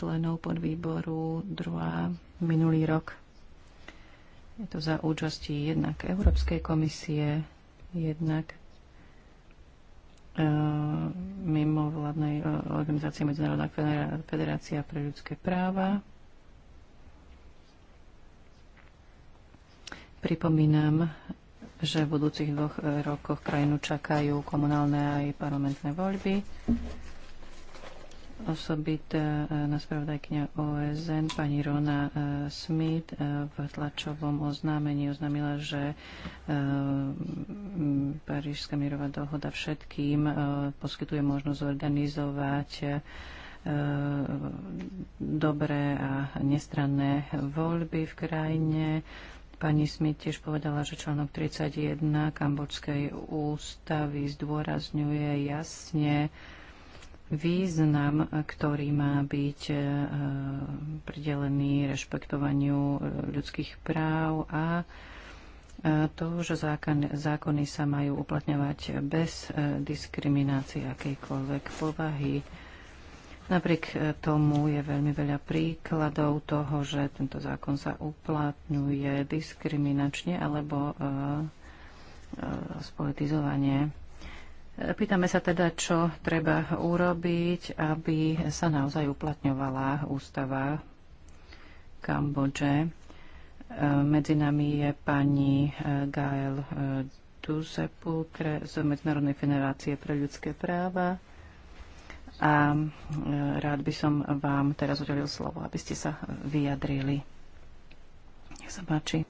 členov podvýboru, druhá minulý rok. Je to za účasti jednak Európskej komisie, jednak e, mimovládnej e, organizácie Medzinárodná federácia pre ľudské práva. Pripomínam, že v budúcich dvoch e, rokoch krajinu čakajú komunálne aj parlamentné voľby. E, na spravodajkňa OSN pani Rona e, Smith e, v tlačovom oznámení oznámila, že Parížská mierová dohoda všetkým poskytuje možnosť organizovať dobré a nestranné voľby v krajine. Pani Smith tiež povedala, že článok 31 Kambodžskej ústavy zdôrazňuje jasne, význam, ktorý má byť e, pridelený rešpektovaniu e, ľudských práv a e, to, že zákony sa majú uplatňovať bez diskriminácie akejkoľvek povahy. Napriek tomu je veľmi veľa príkladov toho, že tento zákon sa uplatňuje diskriminačne alebo spolitizovanie. Pýtame sa teda, čo treba urobiť, aby sa naozaj uplatňovala ústava Kambodže. Medzi nami je pani eh, Gael eh, Duzepulkre z Medzinárodnej federácie pre ľudské práva. A eh, rád by som vám teraz udelil slovo, aby ste sa vyjadrili. Nech sa páči.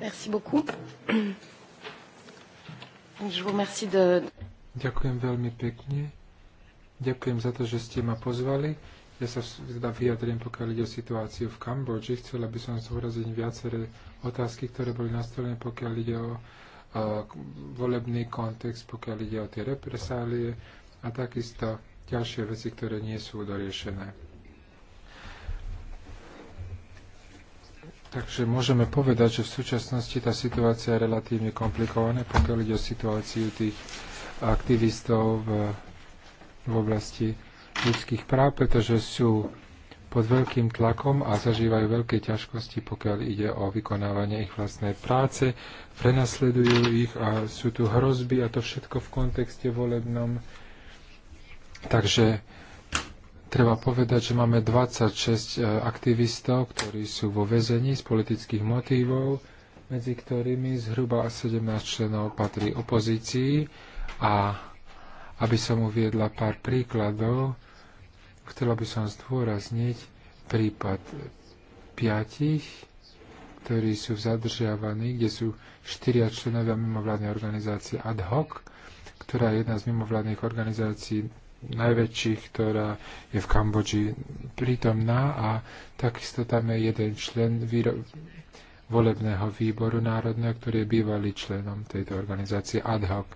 Merci beaucoup. Ďakujem veľmi pekne. Ďakujem za to, že ste ma pozvali. Ja sa teda vyjadrím, pokiaľ ide o situáciu v Kambodži. Chcela by som zúraziť viaceré otázky, ktoré boli nastolené, pokiaľ ide o volebný kontext, pokiaľ ide o tie represálie a takisto ďalšie veci, ktoré nie sú doriešené. Takže môžeme povedať, že v súčasnosti tá situácia je relatívne komplikovaná, pokiaľ ide o situáciu tých aktivistov v, v oblasti ľudských práv, pretože sú pod veľkým tlakom a zažívajú veľké ťažkosti, pokiaľ ide o vykonávanie ich vlastnej práce, prenasledujú ich a sú tu hrozby a to všetko v kontexte volebnom. Takže Treba povedať, že máme 26 e, aktivistov, ktorí sú vo väzení z politických motívov, medzi ktorými zhruba 17 členov patrí opozícii a aby som uviedla pár príkladov, chcela by som zdôrazniť prípad piatich, ktorí sú zadržiavaní, kde sú štyria členovia mimovládnej organizácie ad hoc, ktorá je jedna z mimovládnych organizácií najväčších, ktorá je v Kambodži prítomná a takisto tam je jeden člen výro- volebného výboru národného, ktorý je bývalý členom tejto organizácie ad hoc.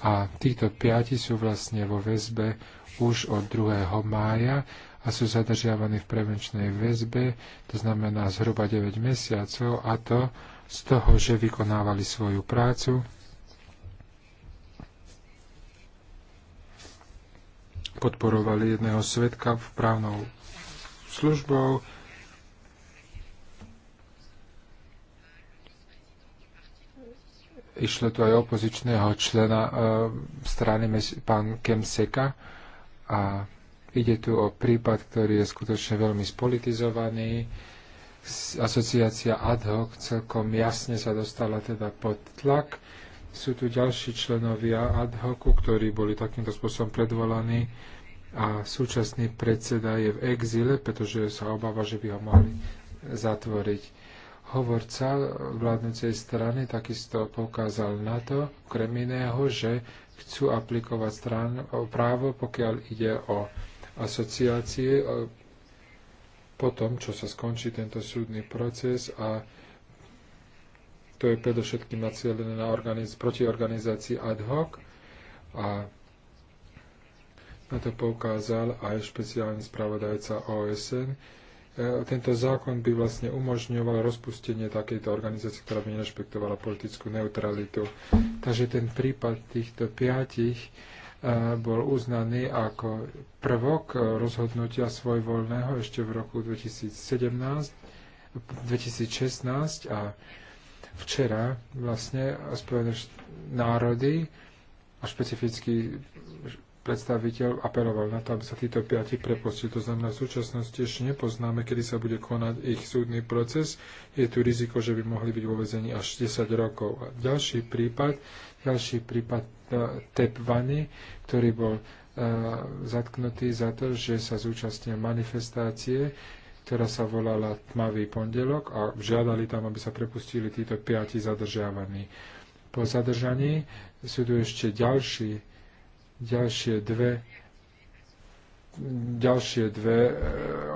A títo piati sú vlastne vo väzbe už od 2. mája a sú zadržiavaní v prevenčnej väzbe, to znamená zhruba 9 mesiacov a to z toho, že vykonávali svoju prácu podporovali jedného svetka v právnou službou. Išlo tu aj opozičného člena e, strany pán Kemseka a ide tu o prípad, ktorý je skutočne veľmi spolitizovaný. Asociácia ad hoc celkom jasne sa dostala teda pod tlak sú tu ďalší členovia ad hocu, ktorí boli takýmto spôsobom predvolaní a súčasný predseda je v exile, pretože sa obáva, že by ho mohli zatvoriť. Hovorca vládnúcej strany takisto poukázal na to, okrem iného, že chcú aplikovať strán, právo, pokiaľ ide o asociácie, po tom, čo sa skončí tento súdny proces a to je predovšetkým nacielené na organiz- proti organizácii ad hoc a na to poukázal aj špeciálny spravodajca OSN. E, tento zákon by vlastne umožňoval rozpustenie takejto organizácie, ktorá by nerešpektovala politickú neutralitu. Takže ten prípad týchto piatich e, bol uznaný ako prvok rozhodnutia svojvoľného ešte v roku 2017, 2016 a Včera vlastne Spojené národy a špecifický predstaviteľ apeloval na to, aby sa títo piati prepustili. To znamená, v súčasnosti ešte nepoznáme, kedy sa bude konať ich súdny proces. Je tu riziko, že by mohli byť vo vezení až 10 rokov. A ďalší prípad, ďalší prípad uh, e, Tepvany, ktorý bol uh, zatknutý za to, že sa zúčastnil manifestácie, ktorá sa volala Tmavý pondelok a žiadali tam, aby sa prepustili títo piati zadržiavaní. Po zadržaní sú tu ešte ďalší, ďalšie dve ďalšie dve e,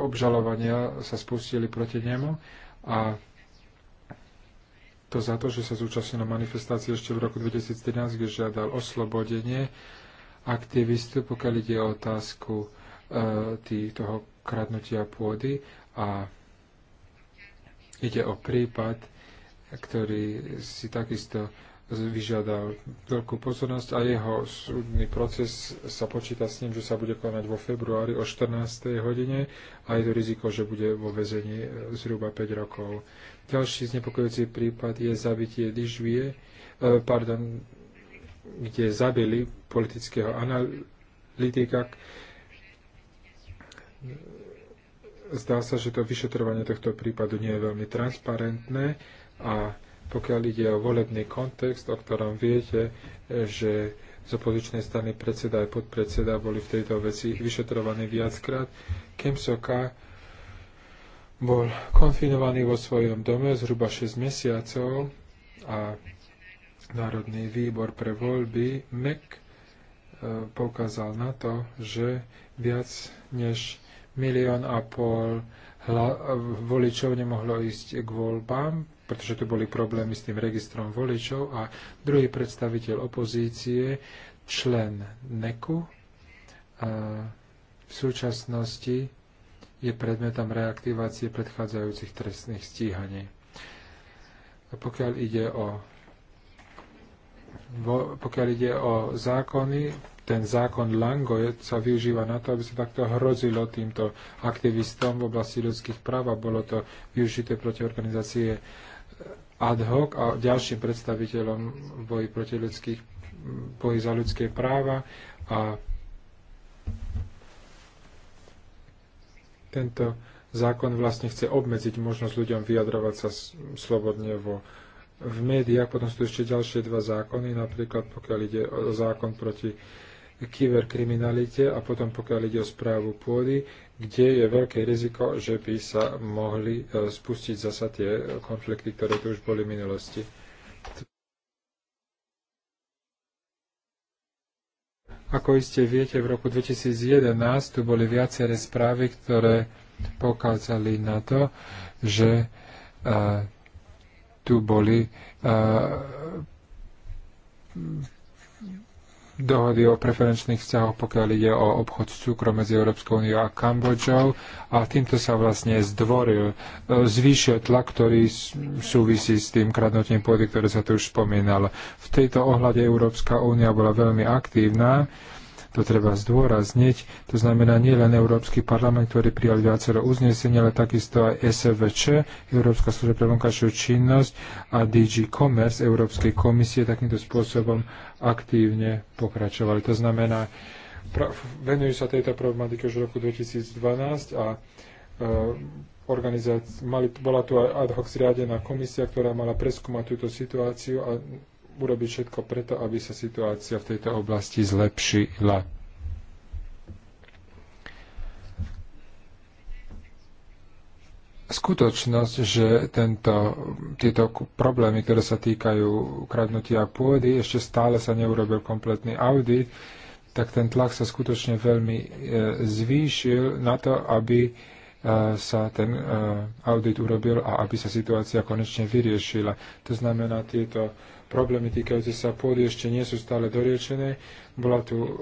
obžalovania sa spustili proti nemu a to za to, že sa zúčastnil na manifestácii ešte v roku 2013, kde žiadal oslobodenie aktivistu, pokiaľ ide o otázku e, tý, toho kradnutia pôdy a ide o prípad, ktorý si takisto vyžiadal veľkú pozornosť a jeho súdny proces sa počíta s ním, že sa bude konať vo februári o 14. hodine a je to riziko, že bude vo väzení zhruba 5 rokov. Ďalší znepokojujúci prípad je zabitie Dižvie, e, pardon, kde zabili politického analytika, zdá sa, že to vyšetrovanie tohto prípadu nie je veľmi transparentné a pokiaľ ide o volebný kontext, o ktorom viete, že z opozičnej strany predseda aj podpredseda boli v tejto veci vyšetrovaní viackrát, Kim Soka bol konfinovaný vo svojom dome zhruba 6 mesiacov a Národný výbor pre voľby MEC e, poukázal na to, že viac než milión a pol voličov nemohlo ísť k voľbám, pretože tu boli problémy s tým registrom voličov a druhý predstaviteľ opozície, člen NECU, v súčasnosti je predmetom reaktivácie predchádzajúcich trestných stíhaní. A pokiaľ ide o vo, pokiaľ ide o zákony, ten zákon Lango sa využíva na to, aby sa takto hrozilo týmto aktivistom v oblasti ľudských práv a bolo to využité proti organizácie eh, ad hoc a ďalším predstaviteľom boji proti ľudských, boji za ľudské práva a tento zákon vlastne chce obmedziť možnosť ľuďom vyjadrovať sa slobodne vo v médiách, potom sú tu ešte ďalšie dva zákony, napríklad pokiaľ ide o zákon proti kyberkriminalite a potom pokiaľ ide o správu pôdy, kde je veľké riziko, že by sa mohli e, spustiť zasa tie konflikty, ktoré tu už boli v minulosti. Ako iste viete, v roku 2011 tu boli viaceré správy, ktoré pokázali na to, že uh, tu boli uh, dohody o preferenčných vzťahoch, pokiaľ ide o obchod s cukrom medzi Európskou úniou a Kambodžou a týmto sa vlastne zdvoril, zvýšil tlak, ktorý súvisí s tým kradnutím pôdy, ktoré sa tu už spomínalo. V tejto ohľade Európska únia bola veľmi aktívna to treba zdôrazniť. To znamená nie len Európsky parlament, ktorý prijal viacero uznesenia, ale takisto aj SVČ, Európska služba pre vonkajšiu činnosť a DG Commerce Európskej komisie takýmto spôsobom aktívne pokračovali. To znamená, venujú sa tejto problematike už v roku 2012 a e, bola tu aj ad hoc zriadená komisia, ktorá mala preskúmať túto situáciu a urobiť všetko preto, aby sa situácia v tejto oblasti zlepšila. Skutočnosť, že tento, tieto problémy, ktoré sa týkajú kradnutia pôdy, ešte stále sa neurobil kompletný audit, tak ten tlak sa skutočne veľmi e, zvýšil na to, aby e, sa ten e, audit urobil a aby sa situácia konečne vyriešila. To znamená, tieto problémy týkajúce sa pôdy ešte nie sú stále doriečené. Bola tu,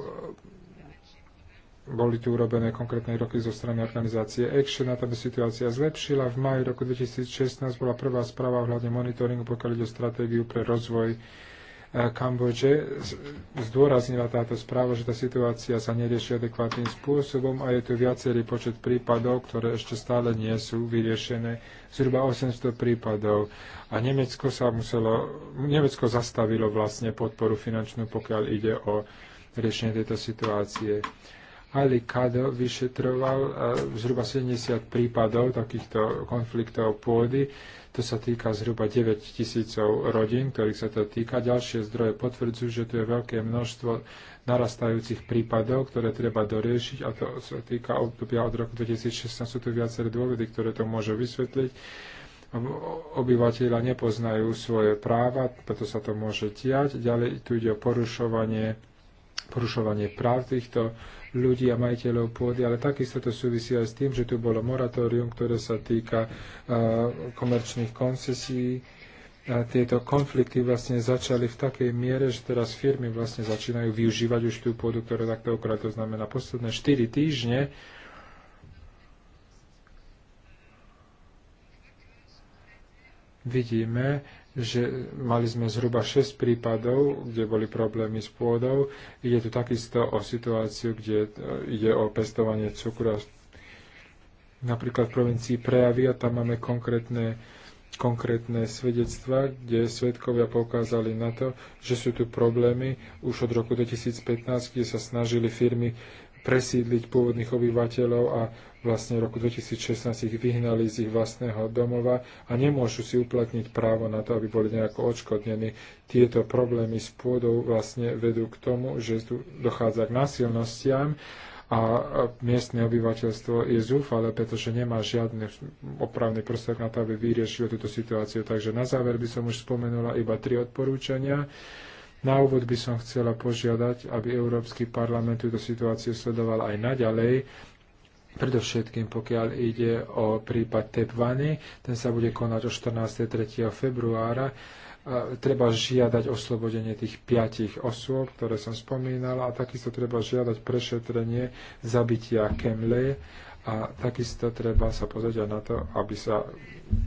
boli tu urobené konkrétne roky zo strany organizácie Action a tam situácia zlepšila. V maji roku 2016 bola prvá správa ohľadne monitoringu, pokiaľ ide o stratégiu pre rozvoj Kambodže zdôraznila táto správa, že tá situácia sa nerieši adekvátnym spôsobom a je tu viacerý počet prípadov, ktoré ešte stále nie sú vyriešené, zhruba 800 prípadov. A Nemecko, sa muselo, Nemecko zastavilo vlastne podporu finančnú, pokiaľ ide o riešenie tejto situácie. Ali Kado vyšetroval eh, zhruba 70 prípadov takýchto konfliktov pôdy to sa týka zhruba 9 tisícov rodín, ktorých sa to týka. Ďalšie zdroje potvrdzujú, že tu je veľké množstvo narastajúcich prípadov, ktoré treba doriešiť a to sa týka obdobia od roku 2016. Sú tu viaceré dôvody, ktoré to môžu vysvetliť obyvateľa nepoznajú svoje práva, preto sa to môže tiať. Ďalej tu ide o porušovanie, porušovanie práv týchto ľudí a majiteľov pôdy, ale takisto to súvisí aj s tým, že tu bolo moratórium, ktoré sa týka komerčných koncesí. A tieto konflikty vlastne začali v takej miere, že teraz firmy vlastne začínajú využívať už tú pôdu, ktorá takto okrát, To znamená, posledné 4 týždne vidíme, že mali sme zhruba 6 prípadov, kde boli problémy s pôdou. Ide tu takisto o situáciu, kde e, ide o pestovanie cukru. Napríklad v provincii Prejavia, tam máme konkrétne, konkrétne svedectva, kde svedkovia poukázali na to, že sú tu problémy už od roku 2015, kde sa snažili firmy presídliť pôvodných obyvateľov a vlastne v roku 2016 ich vyhnali z ich vlastného domova a nemôžu si uplatniť právo na to, aby boli nejako odškodnení. Tieto problémy s pôdou vlastne vedú k tomu, že tu dochádza k násilnostiam a miestne obyvateľstvo je zúfale, pretože nemá žiadny opravný prostor na to, aby vyriešilo túto situáciu. Takže na záver by som už spomenula iba tri odporúčania. Na úvod by som chcela požiadať, aby Európsky parlament túto situáciu sledoval aj naďalej, Predovšetkým, pokiaľ ide o prípad Tepvany, ten sa bude konať o 14. 3. februára. Treba žiadať oslobodenie tých piatich osôb, ktoré som spomínal, a takisto treba žiadať prešetrenie zabitia Kemle a takisto treba sa pozrieť aj na to, aby sa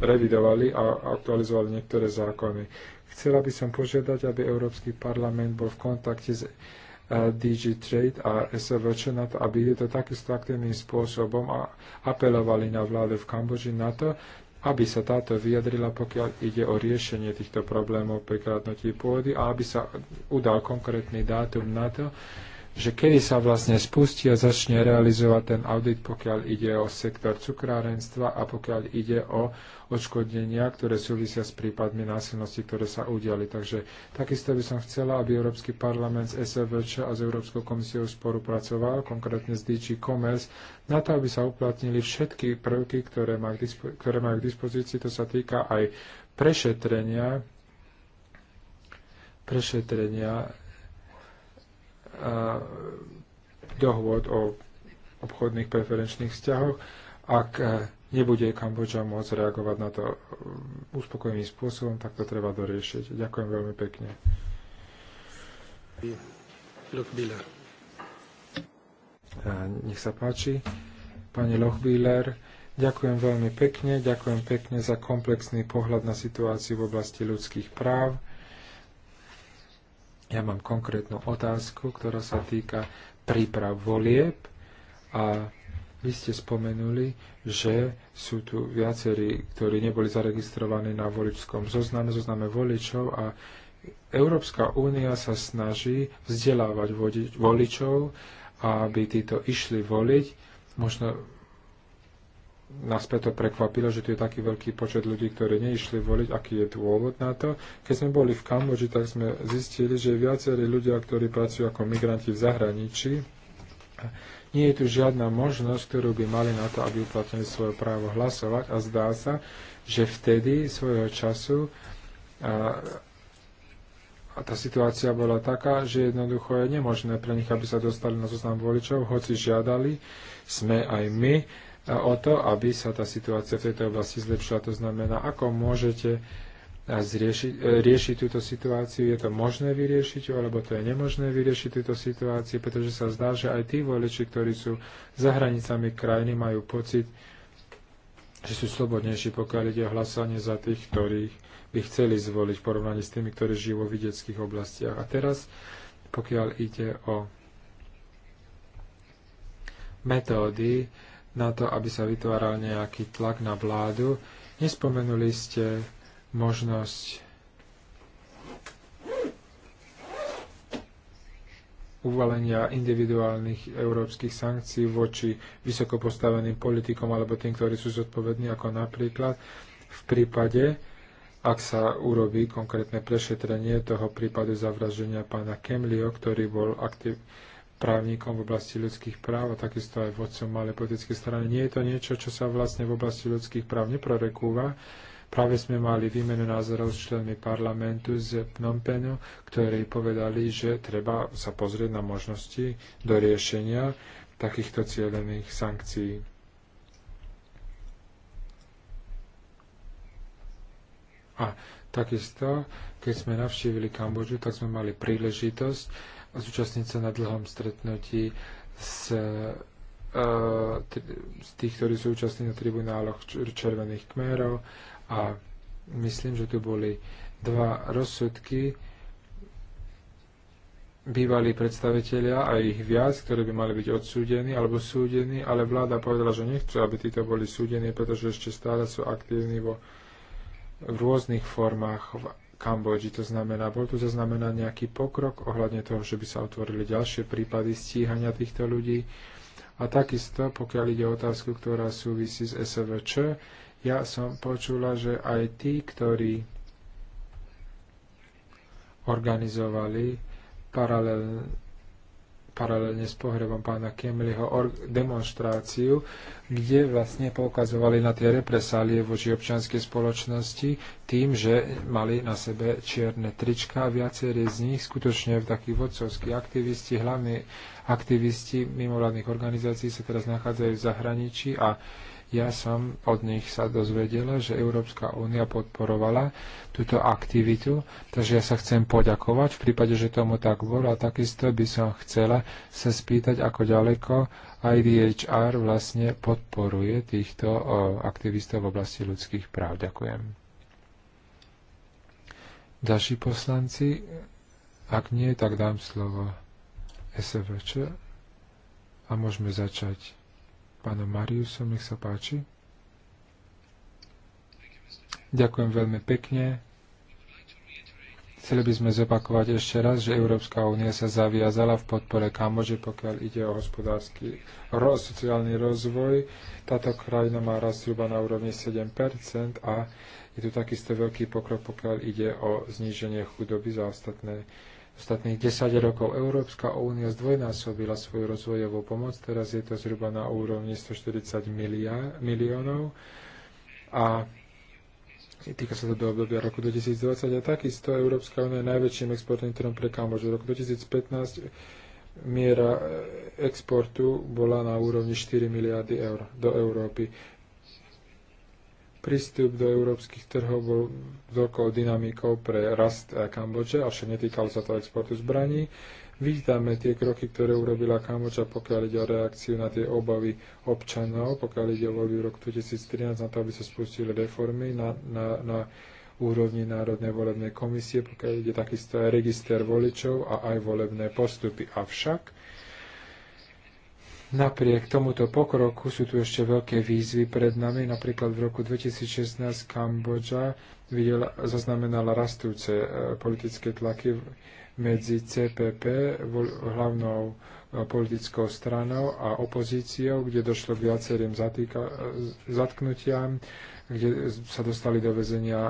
revidovali a aktualizovali niektoré zákony. Chcela by som požiadať, aby Európsky parlament bol v kontakte s eh, DG Trade a SVČ na to, aby je to takisto aktívnym spôsobom a apelovali na vládu v Kambodži na to, aby sa táto vyjadrila, pokiaľ ide o riešenie týchto problémov pri kradnutí pôdy a aby sa udal konkrétny dátum na to, že kedy sa vlastne spustí a začne realizovať ten audit, pokiaľ ide o sektor cukrárenstva a pokiaľ ide o uh, odškodnenia, ktoré súvisia s prípadmi násilnosti, ktoré sa udiali. Takže takisto by som chcela, aby Európsky parlament s SVČ a s Európskou komisiou spolupracoval, konkrétne s DG Commerce, na to, aby sa uplatnili všetky prvky, ktoré majú k, dispo- ktoré majú k dispozícii. To sa týka aj prešetrenia, prešetrenia dohôd o obchodných preferenčných vzťahoch, ak nebude Kambodža môcť reagovať na to um, uspokojivým spôsobom, tak to treba doriešiť. Ďakujem veľmi pekne. A nech sa páči. Pani Lochbíler, ďakujem veľmi pekne, ďakujem pekne za komplexný pohľad na situáciu v oblasti ľudských práv. Ja mám konkrétnu otázku, ktorá sa týka príprav volieb a vy ste spomenuli, že sú tu viacerí, ktorí neboli zaregistrovaní na voličskom zozname, zozname voličov a Európska únia sa snaží vzdelávať voličov, aby títo išli voliť. Možno nás preto prekvapilo, že tu je taký veľký počet ľudí, ktorí neišli voliť, aký je dôvod na to. Keď sme boli v Kambodži, tak sme zistili, že viacerí ľudia, ktorí pracujú ako migranti v zahraničí, nie je tu žiadna možnosť, ktorú by mali na to, aby uplatnili svoje právo hlasovať a zdá sa, že vtedy svojho času a, a tá situácia bola taká, že jednoducho je nemožné pre nich, aby sa dostali na zoznam voličov, hoci žiadali sme aj my o to, aby sa tá situácia v tejto oblasti zlepšila. To znamená, ako môžete zrieši, e, rieši túto situáciu, je to možné vyriešiť, alebo to je nemožné vyriešiť túto situáciu, pretože sa zdá, že aj tí voliči, ktorí sú za hranicami krajiny, majú pocit, že sú slobodnejší, pokiaľ ide o hlasanie za tých, ktorých by chceli zvoliť v porovnaní s tými, ktorí žijú vo videckých oblastiach. A teraz, pokiaľ ide o metódy na to, aby sa vytváral nejaký tlak na vládu, nespomenuli ste možnosť uvalenia individuálnych európskych sankcií voči vysokopostaveným politikom alebo tým, ktorí sú zodpovední, ako napríklad v prípade, ak sa urobí konkrétne prešetrenie toho prípadu zavraženia pána Kemlio, ktorý bol aktív, právnikom v oblasti ľudských práv a takisto aj vodcom malej politickej strany. Nie je to niečo, čo sa vlastne v oblasti ľudských práv neprorekúva, Práve sme mali výmenu názorov s členmi parlamentu z Pnompenu, ktorí povedali, že treba sa pozrieť na možnosti do riešenia takýchto cieľených sankcií. A takisto, keď sme navštívili Kambodžu, tak sme mali príležitosť zúčastniť sa na dlhom stretnutí s z e, tých, ktorí sú účastní na tribunáloch Červených kmerov a myslím, že tu boli dva rozsudky, bývalí predstavitelia a ich viac, ktorí by mali byť odsúdení alebo súdení, ale vláda povedala, že nechce, aby títo boli súdení, pretože ešte stále sú aktívni vo, v rôznych formách v Kambodži. To znamená, bol tu zaznamená nejaký pokrok ohľadne toho, že by sa otvorili ďalšie prípady stíhania týchto ľudí. A takisto, pokiaľ ide o otázku, ktorá súvisí s SVČ, ja som počula, že aj tí, ktorí organizovali paralel, paralelne s pohrebom pána Kemliho demonstráciu, kde vlastne poukazovali na tie represálie voči občianskej spoločnosti tým, že mali na sebe čierne trička a viacerí z nich skutočne v takí vodcovskí aktivisti, hlavní aktivisti mimovládnych organizácií sa teraz nachádzajú v zahraničí a ja som od nich sa dozvedela, že Európska únia podporovala túto aktivitu, takže ja sa chcem poďakovať v prípade, že tomu tak bolo a takisto by som chcela sa spýtať, ako ďaleko IDHR vlastne podporuje týchto aktivistov v oblasti ľudských práv. Ďakujem. Ďalší poslanci? Ak nie, tak dám slovo SVČ a môžeme začať pánom Mariusom, nech sa páči. Ďakujem veľmi pekne. Chceli by sme zopakovať ešte raz, že Európska únia sa zaviazala v podpore Kambože, pokiaľ ide o hospodársky roz, sociálny rozvoj. Táto krajina má rast zhruba na úrovni 7 a je tu takisto veľký pokrok, pokiaľ ide o zníženie chudoby za ostatné ostatných 10 rokov Európska únia zdvojnásobila svoju rozvojovú pomoc, teraz je to zhruba na úrovni 140 miliónov a týka sa to do obdobia roku 2020 a takisto Európska únia je najväčším exportným trhom pre Kambodžu. V roku 2015 miera eh, exportu bola na úrovni 4 miliardy eur do Európy. Prístup do európskych trhov bol veľkou dynamikou pre rast Kambodže, však netýkalo sa to exportu zbraní. Vítame tie kroky, ktoré urobila Kambodža, pokiaľ ide o reakciu na tie obavy občanov, pokiaľ ide o voľby roku 2013, na to, aby sa spustili reformy na, na, na úrovni Národnej volebnej komisie, pokiaľ ide takisto aj register voličov a aj volebné postupy. Avšak Napriek tomuto pokroku sú tu ešte veľké výzvy pred nami. Napríklad v roku 2016 Kambodža videla, zaznamenala rastúce e, politické tlaky medzi CPP, hlavnou e, politickou stranou a opozíciou, kde došlo k viacerým zatýka, e, zatknutiam, kde sa dostali do väzenia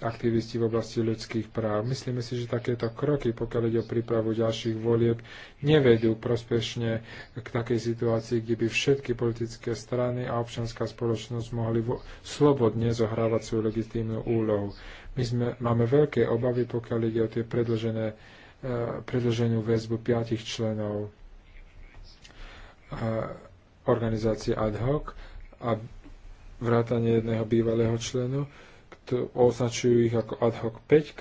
aktivisti v oblasti ľudských práv. Myslíme si, že takéto kroky, pokiaľ ide o prípravu ďalších volieb, nevedú prospešne k takej situácii, kde by všetky politické strany a občianská spoločnosť mohli slobodne zohrávať svoju legitímnu úlohu. My sme, máme veľké obavy, pokiaľ ide o tie predlžené, eh, predlženú väzbu piatich členov eh, organizácie ad hoc a vrátanie jedného bývalého členu, tu označujú ich ako ad hoc 5.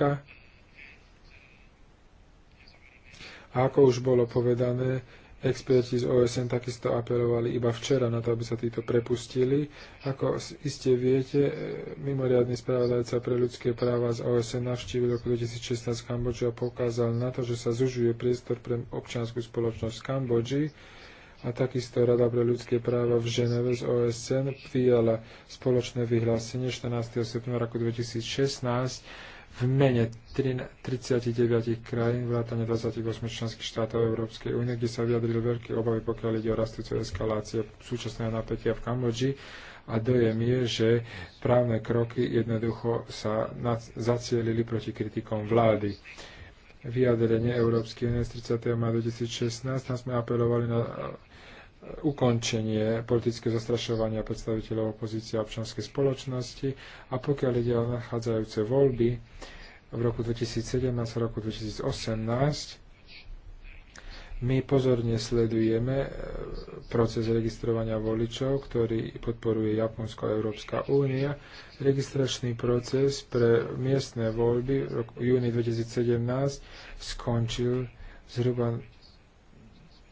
A ako už bolo povedané, experti z OSN takisto apelovali iba včera na to, aby sa títo prepustili. Ako iste viete, e, mimoriadný spravodajca pre ľudské práva z OSN navštívil roku 2016 Kambodžu a pokázal na to, že sa zužuje priestor pre občianskú spoločnosť v Kambodži a takisto Rada pre ľudské práva v Ženeve z OSN prijala spoločné vyhlásenie 14. septembra roku 2016 v mene 39 krajín vrátane 28 členských štátov Európskej únie, kde sa vyjadrili veľké obavy, pokiaľ ide o rastúcu eskalácie súčasného napätia v Kambodži a dojem je, že právne kroky jednoducho sa zacielili proti kritikom vlády vyjadrenie Európskej únie z 30. maja 2016. Tam sme apelovali na ukončenie politického zastrašovania predstaviteľov opozície a občanskej spoločnosti a pokiaľ ide o nachádzajúce voľby v roku 2017 a roku 2018, my pozorne sledujeme e, proces registrovania voličov, ktorý podporuje Japonsko a Európska únia. Registračný proces pre miestne voľby v júni 2017 skončil zhruba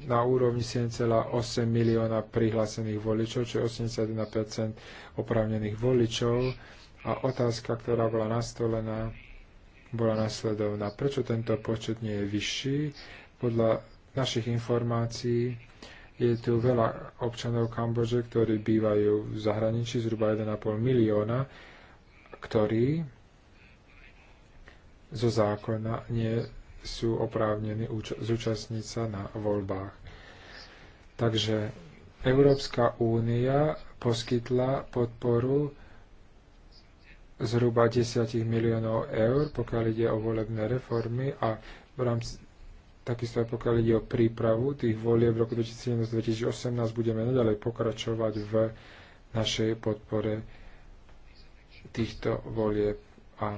na úrovni 7,8 milióna prihlásených voličov, čo je 81 oprávnených voličov. A otázka, ktorá bola nastolená, bola nasledovná. Prečo tento počet nie je vyšší? Podľa našich informácií je tu veľa občanov Kambože, ktorí bývajú v zahraničí, zhruba 1,5 milióna, ktorí zo zákona nie sú oprávnení zúčastniť sa na voľbách. Takže Európska únia poskytla podporu zhruba 10 miliónov eur, pokiaľ ide o volebné reformy a v rámci, takisto aj pokiaľ ide o prípravu tých volieb v roku 2017-2018 budeme nadalej pokračovať v našej podpore týchto volieb a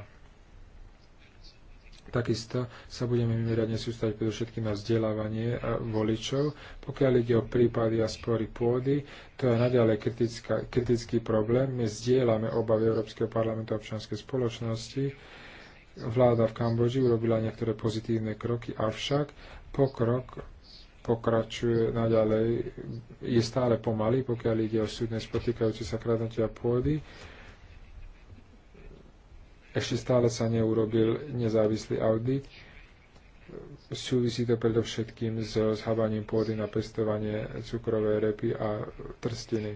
Takisto sa budeme mimoriadne sústať predovšetkým na vzdelávanie e, voličov. Pokiaľ ide o prípady a spory pôdy, to je naďalej kritická, kritický problém. My zdieľame obavy Európskeho parlamentu a občianskej spoločnosti. Vláda v Kambodži urobila niektoré pozitívne kroky, avšak pokrok pokračuje naďalej, je stále pomalý, pokiaľ ide o súdne spotýkajúce sa kradnutia pôdy ešte stále sa neurobil nezávislý audit. Súvisí to predovšetkým s zhabaním pôdy na pestovanie cukrovej repy a trstiny.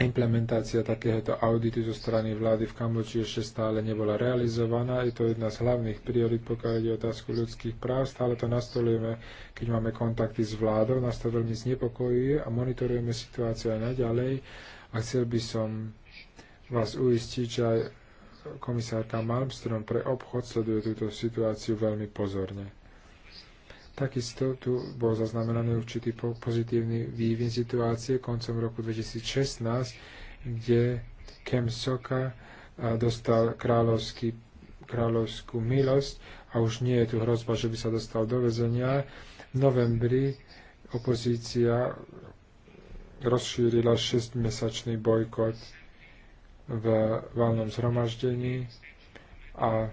Implementácia takéhoto auditu zo strany vlády v Kambodži ešte stále nebola realizovaná. Je to jedna z hlavných priorit, pokiaľ ide otázku ľudských práv. Stále to nastolujeme, keď máme kontakty s vládou. Nás to veľmi znepokojuje a monitorujeme situáciu aj naďalej. A chcel by som vás uistiť, že aj komisárka Malmström pre obchod sleduje túto situáciu veľmi pozorne. Takisto tu bol zaznamenaný určitý pozitívny vývin situácie koncom roku 2016, kde Kem Soka dostal kráľovský, kráľovskú milosť a už nie je tu hrozba, že by sa dostal do väzenia. V novembri opozícia rozšírila 6-mesačný bojkot v valnom zhromaždení a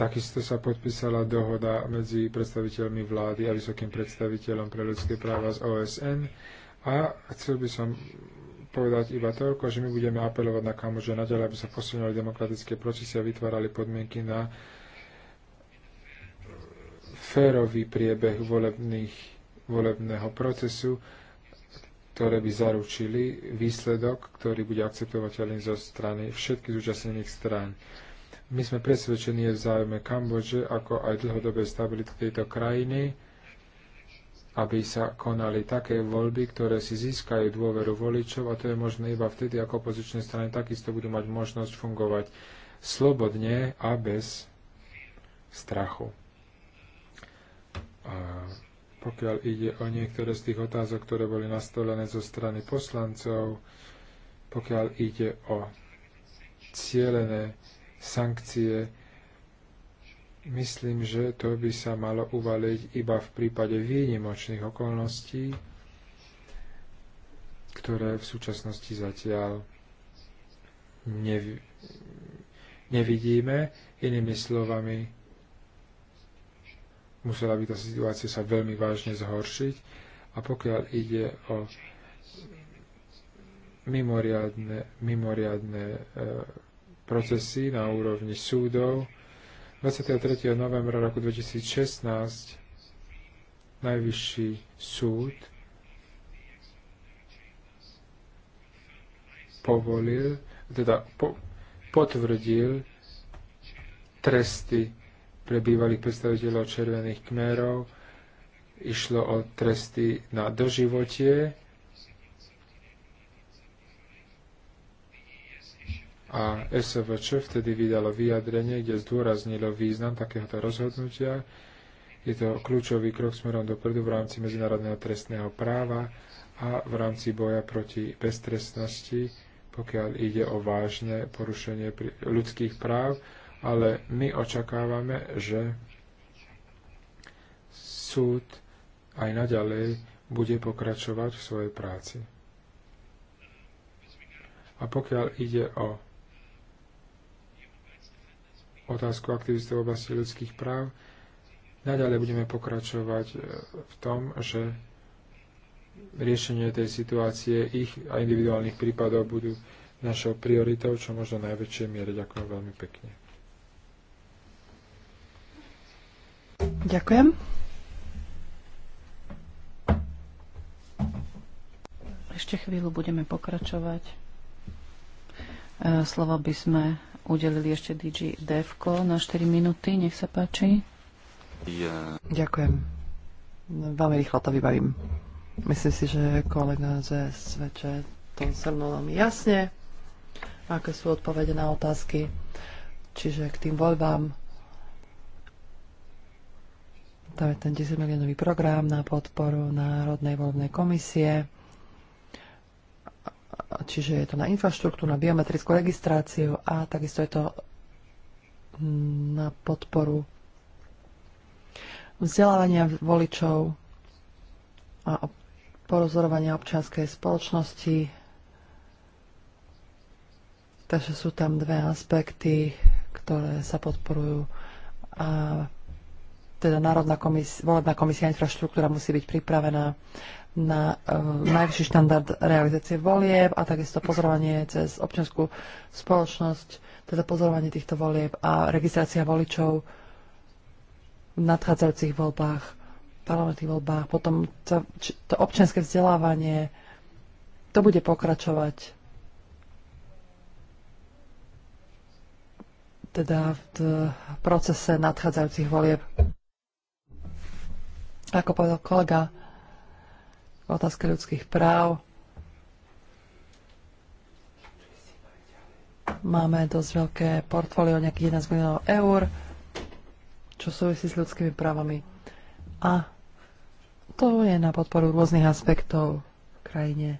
Takisto sa podpísala dohoda medzi predstaviteľmi vlády a vysokým predstaviteľom pre ľudské práva z OSN. A chcel by som povedať iba toľko, že my budeme apelovať na Kamuže naďalej, aby sa posunuli demokratické procesy a vytvárali podmienky na férový priebeh volebných volebného procesu, ktoré by zaručili výsledok, ktorý bude akceptovateľný zo strany všetkých zúčastnených strán. My sme presvedčení v záujme Kambodže, ako aj dlhodobej stability tejto krajiny, aby sa konali také voľby, ktoré si získajú dôveru voličov a to je možné iba vtedy, ako opozičné strany takisto budú mať možnosť fungovať slobodne a bez strachu pokiaľ ide o niektoré z tých otázok, ktoré boli nastolené zo strany poslancov, pokiaľ ide o cielené sankcie, myslím, že to by sa malo uvaliť iba v prípade výnimočných okolností, ktoré v súčasnosti zatiaľ nevidíme. Inými slovami, musela by tá situácia sa veľmi vážne zhoršiť. A pokiaľ ide o mimoriadne, mimoriadne e, procesy na úrovni súdov, 23. novembra roku 2016 najvyšší súd povolil, teda po, potvrdil tresty pre bývalých predstaviteľov červených kmerov. Išlo o tresty na doživotie a SVČ vtedy vydalo vyjadrenie, kde zdôraznilo význam takéhoto rozhodnutia. Je to kľúčový krok smerom dopredu v rámci medzinárodného trestného práva a v rámci boja proti beztrestnosti, pokiaľ ide o vážne porušenie ľudských práv ale my očakávame, že súd aj naďalej bude pokračovať v svojej práci. A pokiaľ ide o otázku aktivistov v oblasti ľudských práv, naďalej budeme pokračovať e, v tom, že riešenie tej situácie ich a individuálnych prípadov budú našou prioritou, čo možno najväčšej miere. Ďakujem veľmi pekne. Ďakujem. Ešte chvíľu budeme pokračovať. E, slovo by sme udelili ešte DJ Devko na 4 minúty. Nech sa páči. Yeah. Ďakujem. Veľmi rýchlo to vybavím. Myslím si, že kolega ze Sveče to zhrnul veľmi jasne, aké sú odpovede na otázky. Čiže k tým voľbám nastaviť ten 10 miliónový program na podporu Národnej voľbnej komisie. Čiže je to na infraštruktúru, na biometrickú registráciu a takisto je to na podporu vzdelávania voličov a porozorovania občianskej spoločnosti. Takže sú tam dve aspekty, ktoré sa podporujú a teda Národná komis- volebná komisia infraštruktúra musí byť pripravená na e, najvyšší štandard realizácie volieb a takisto pozorovanie cez občianskú spoločnosť, teda pozorovanie týchto volieb a registrácia voličov v nadchádzajúcich voľbách, parlamentných voľbách, potom to, to občianske vzdelávanie, to bude pokračovať teda v procese nadchádzajúcich volieb. Ako povedal kolega v otázke ľudských práv, máme dosť veľké portfólio, nejakých 11 miliónov eur, čo súvisí s ľudskými právami. A to je na podporu rôznych aspektov v krajine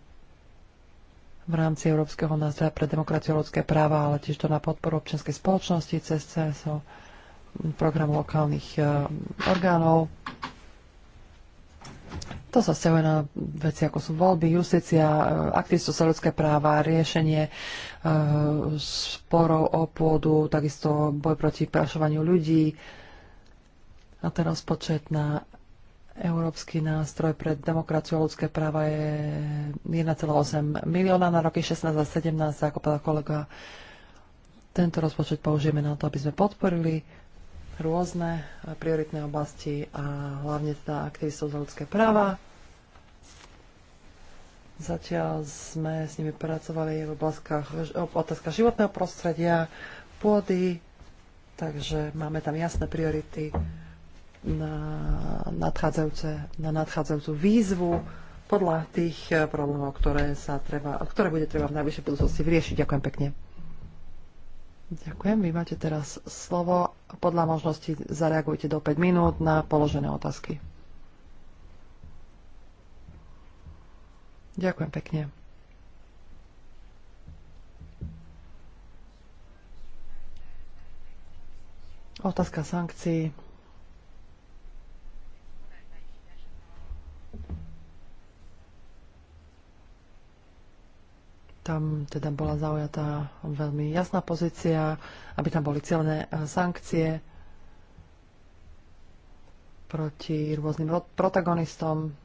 v rámci Európskeho nástroja pre demokraciu a ľudské práva, ale tiež to na podporu občianskej spoločnosti cez CSO, program lokálnych eh, orgánov. To sa vzťahuje na veci, ako sú voľby, justícia, e, aktivistov sa ľudské práva, riešenie e, sporov o pôdu, takisto boj proti prašovaniu ľudí a ten rozpočet na Európsky nástroj pre demokraciu a ľudské práva je 1,8 milióna na roky 16 a 17, ako povedal kolega. Tento rozpočet použijeme na to, aby sme podporili rôzne prioritné oblasti a hlavne teda aktivistov za ľudské práva. Zatiaľ sme s nimi pracovali v oblastkách, otázka životného prostredia, pôdy, takže máme tam jasné priority na nadchádzajúce, na nadchádzajúcu výzvu podľa tých problémov, ktoré, sa treba, ktoré bude treba v najbližšej budúcnosti vyriešiť. Ďakujem pekne. Ďakujem. Vy máte teraz slovo podľa možnosti zareagujte do 5 minút na položené otázky. Ďakujem pekne. Otázka sankcií. Tam teda bola zaujatá veľmi jasná pozícia, aby tam boli cieľné e, sankcie proti rôznym protagonistom.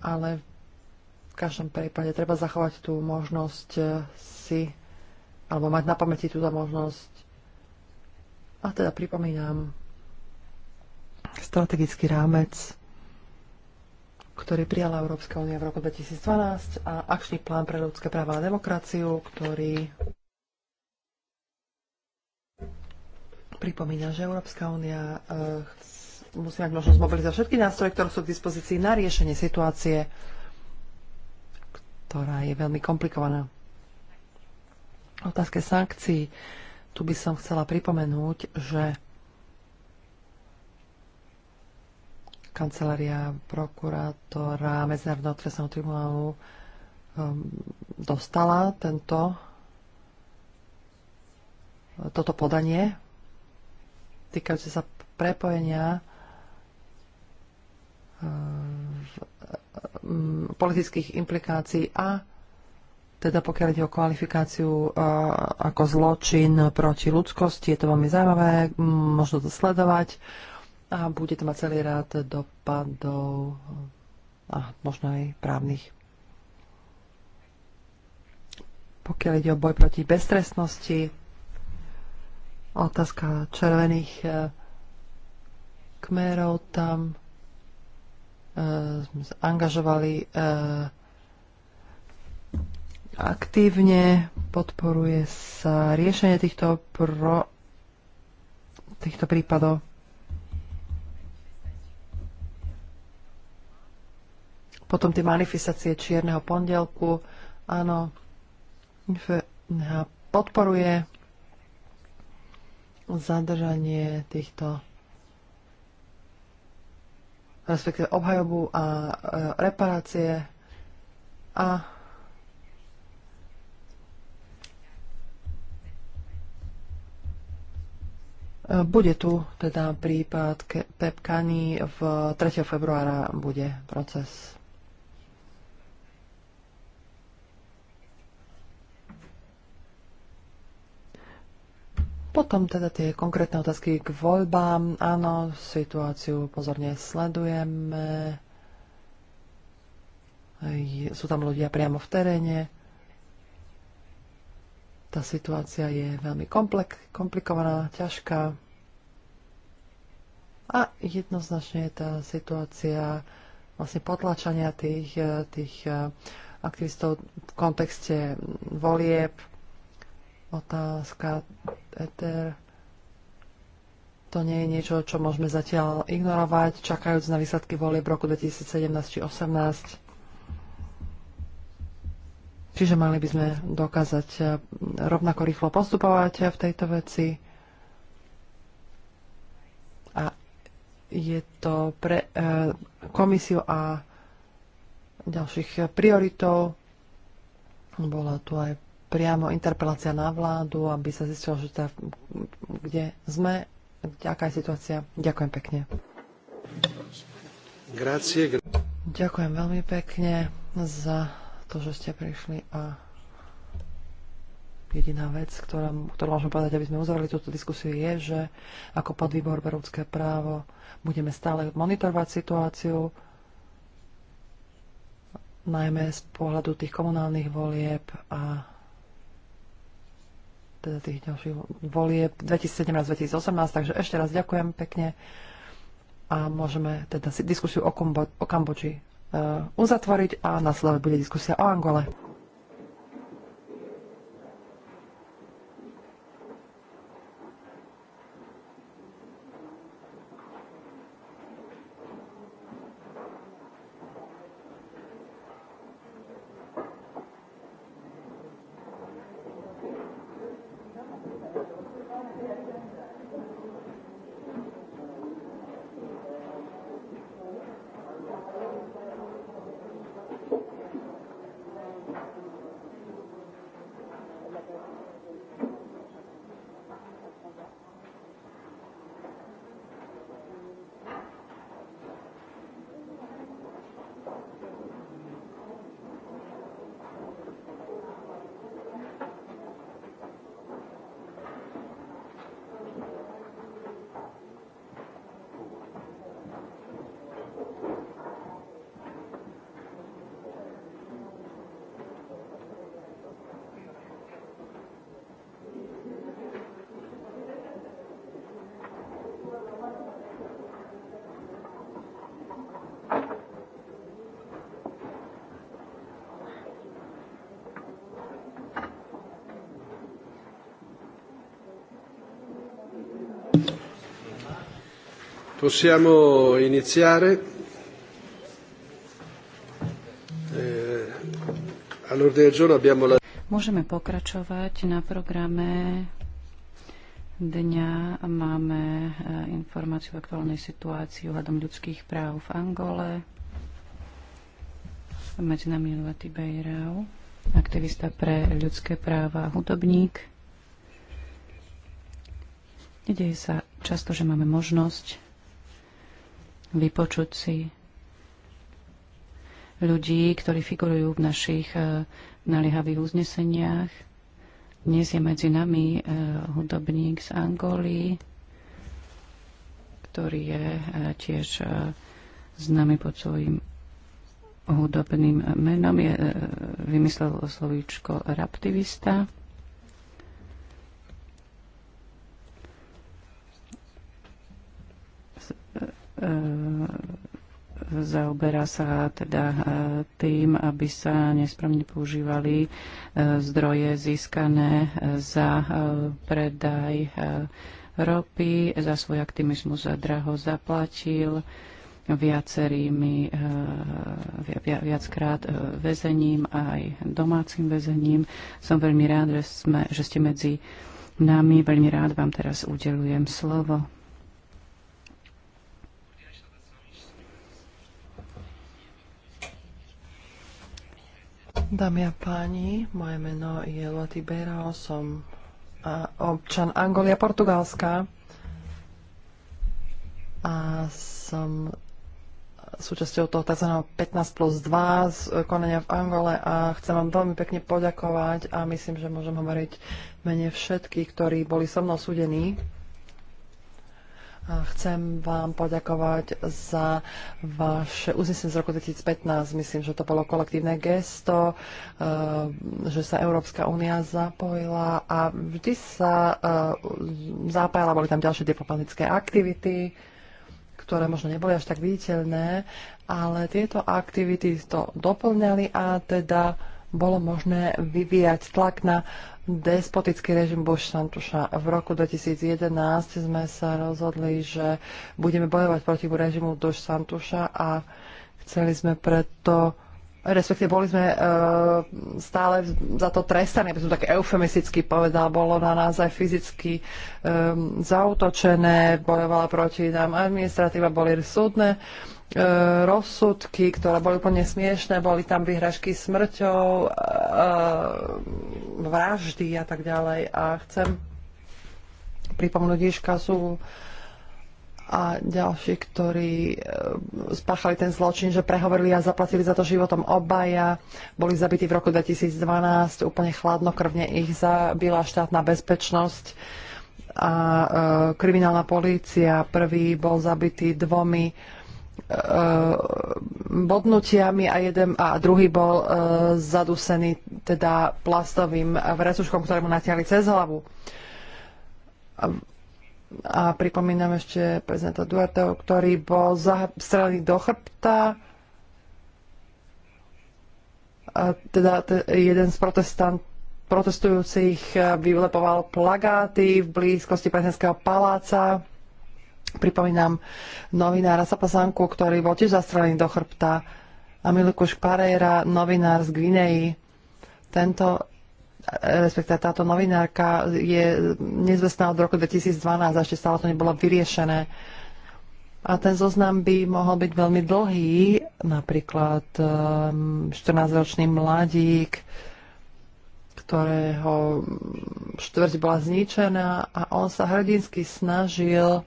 Ale v každom prípade treba zachovať tú možnosť e, si, alebo mať na pamäti túto možnosť. A teda pripomínam strategický rámec ktorý prijala Európska únia v roku 2012 a akčný plán pre ľudské práva a demokraciu, ktorý pripomína, že Európska únia e, musí mať možnosť mobilizovať všetky nástroje, ktoré sú k dispozícii na riešenie situácie, ktorá je veľmi komplikovaná. Otázke sankcií. Tu by som chcela pripomenúť, že kancelária prokurátora Medzinárodného trestného tribunálu um, dostala tento toto podanie týkajúce sa prepojenia um, politických implikácií a teda pokiaľ ide o kvalifikáciu uh, ako zločin proti ľudskosti, je to veľmi zaujímavé, možno to sledovať a bude to mať celý rád dopadov a možno aj právnych. Pokiaľ ide o boj proti beztrestnosti, otázka červených e, kmerov tam e, sme sa angažovali e, aktívne, podporuje sa riešenie týchto, pro, týchto prípadov Potom tie manifestácie Čierneho pondelku. Áno, podporuje zadržanie týchto respektíve obhajobu a e, reparácie a Bude tu teda prípad Pepkani, v 3. februára bude proces Potom teda tie konkrétne otázky k voľbám. Áno, situáciu pozorne sledujeme. Sú tam ľudia priamo v teréne. Tá situácia je veľmi komplek, komplikovaná, ťažká. A jednoznačne je tá situácia vlastne potlačania tých, eh, tých eh, aktivistov v kontexte volieb. Otázka ETR to nie je niečo, čo môžeme zatiaľ ignorovať, čakajúc na výsledky volie v roku 2017 či 2018. Čiže mali by sme dokázať eh, rovnako rýchlo postupovať eh, v tejto veci. A je to pre eh, komisiu a ďalších prioritov. Bola tu aj priamo interpelácia na vládu, aby sa zistilo, že teda, kde sme, aká je situácia. Ďakujem pekne. Grazie. Ďakujem veľmi pekne za to, že ste prišli a jediná vec, ktorá, ktorú môžem povedať, aby sme uzavreli túto diskusiu, je, že ako podvýbor pre ľudské právo budeme stále monitorovať situáciu, najmä z pohľadu tých komunálnych volieb a teda tých ďalších volieb 2017-2018, takže ešte raz ďakujem pekne a môžeme teda si diskusiu o, Kombo- o Kambodži uh, uzatvoriť a nasledovať bude diskusia o Angole. Possiamo iniziare. Eh, All'ordine del giorno abbiamo la... Môžeme pokračovať na programe dňa. Máme eh, informáciu o aktuálnej situácii ohľadom ľudských práv v Angole. Medzi nami je Lati Bejrau, aktivista pre ľudské práva a hudobník. Nedeje sa často, že máme možnosť vypočuť si ľudí, ktorí figurujú v našich e, naliehavých uzneseniach. Dnes je medzi nami e, hudobník z Angolí, ktorý je e, tiež známy pod svojim hudobným menom. Je, vymyslel slovíčko raptivista. E, zaoberá sa teda e, tým, aby sa nesprávne používali e, zdroje získané za predaj ropy. Za svoj aktivizmus draho zaplatil viacerými, viackrát väzením, aj domácim väzením. Som veľmi rád, že, sme, že ste medzi nami. Veľmi rád vám teraz udelujem slovo. Dámy a páni, moje meno je Loti Berao, som občan Angolia Portugalska a som súčasťou toho tzv. 15 plus 2 z konania v Angole a chcem vám veľmi pekne poďakovať a myslím, že môžem hovoriť mene všetkých, ktorí boli so mnou súdení Chcem vám poďakovať za vaše uznesenie z roku 2015. Myslím, že to bolo kolektívne gesto, e, že sa Európska únia zapojila a vždy sa e, zapájala. Boli tam ďalšie diplomatické aktivity, ktoré možno neboli až tak viditeľné, ale tieto aktivity to doplňali a teda bolo možné vyvíjať tlak na despotický režim Bush Santuša. V roku 2011 sme sa rozhodli, že budeme bojovať proti režimu Bush Santuša a chceli sme preto respektíve boli sme uh, stále za to trestaní, aby som tak eufemisticky povedal, bolo na nás aj fyzicky um, zautočené, bojovala proti nám administratíva, boli súdne E, rozsudky, ktoré boli úplne smiešné, boli tam vyhražky smrťou, e, vraždy a tak ďalej. A chcem pripomnúť Iškasu a ďalší, ktorí e, spáchali ten zločin, že prehovorili a zaplatili za to životom obaja. Boli zabití v roku 2012, úplne chladnokrvne ich zabila štátna bezpečnosť a kriminálna polícia. Prvý bol zabitý dvomi E, bodnutiami a jeden a druhý bol e, zadusený teda plastovým vrecuškom, ktoré mu natiahli cez hlavu. A pripomínam ešte prezidenta Duarte, ktorý bol strelený do chrbta. A teda jeden z protestant, protestujúcich e, vylepoval plagáty v blízkosti prezidentského paláca Pripomínam novinára Sapasanku, ktorý bol tiež zastrelený do chrbta a Milukuš Pareira, novinár z Gvineji. Tento respektive táto novinárka je nezvestná od roku 2012, ešte stále to nebolo vyriešené. A ten zoznam by mohol byť veľmi dlhý, napríklad 14-ročný ehm, mladík, ktorého štvrť bola zničená a on sa hrdinsky snažil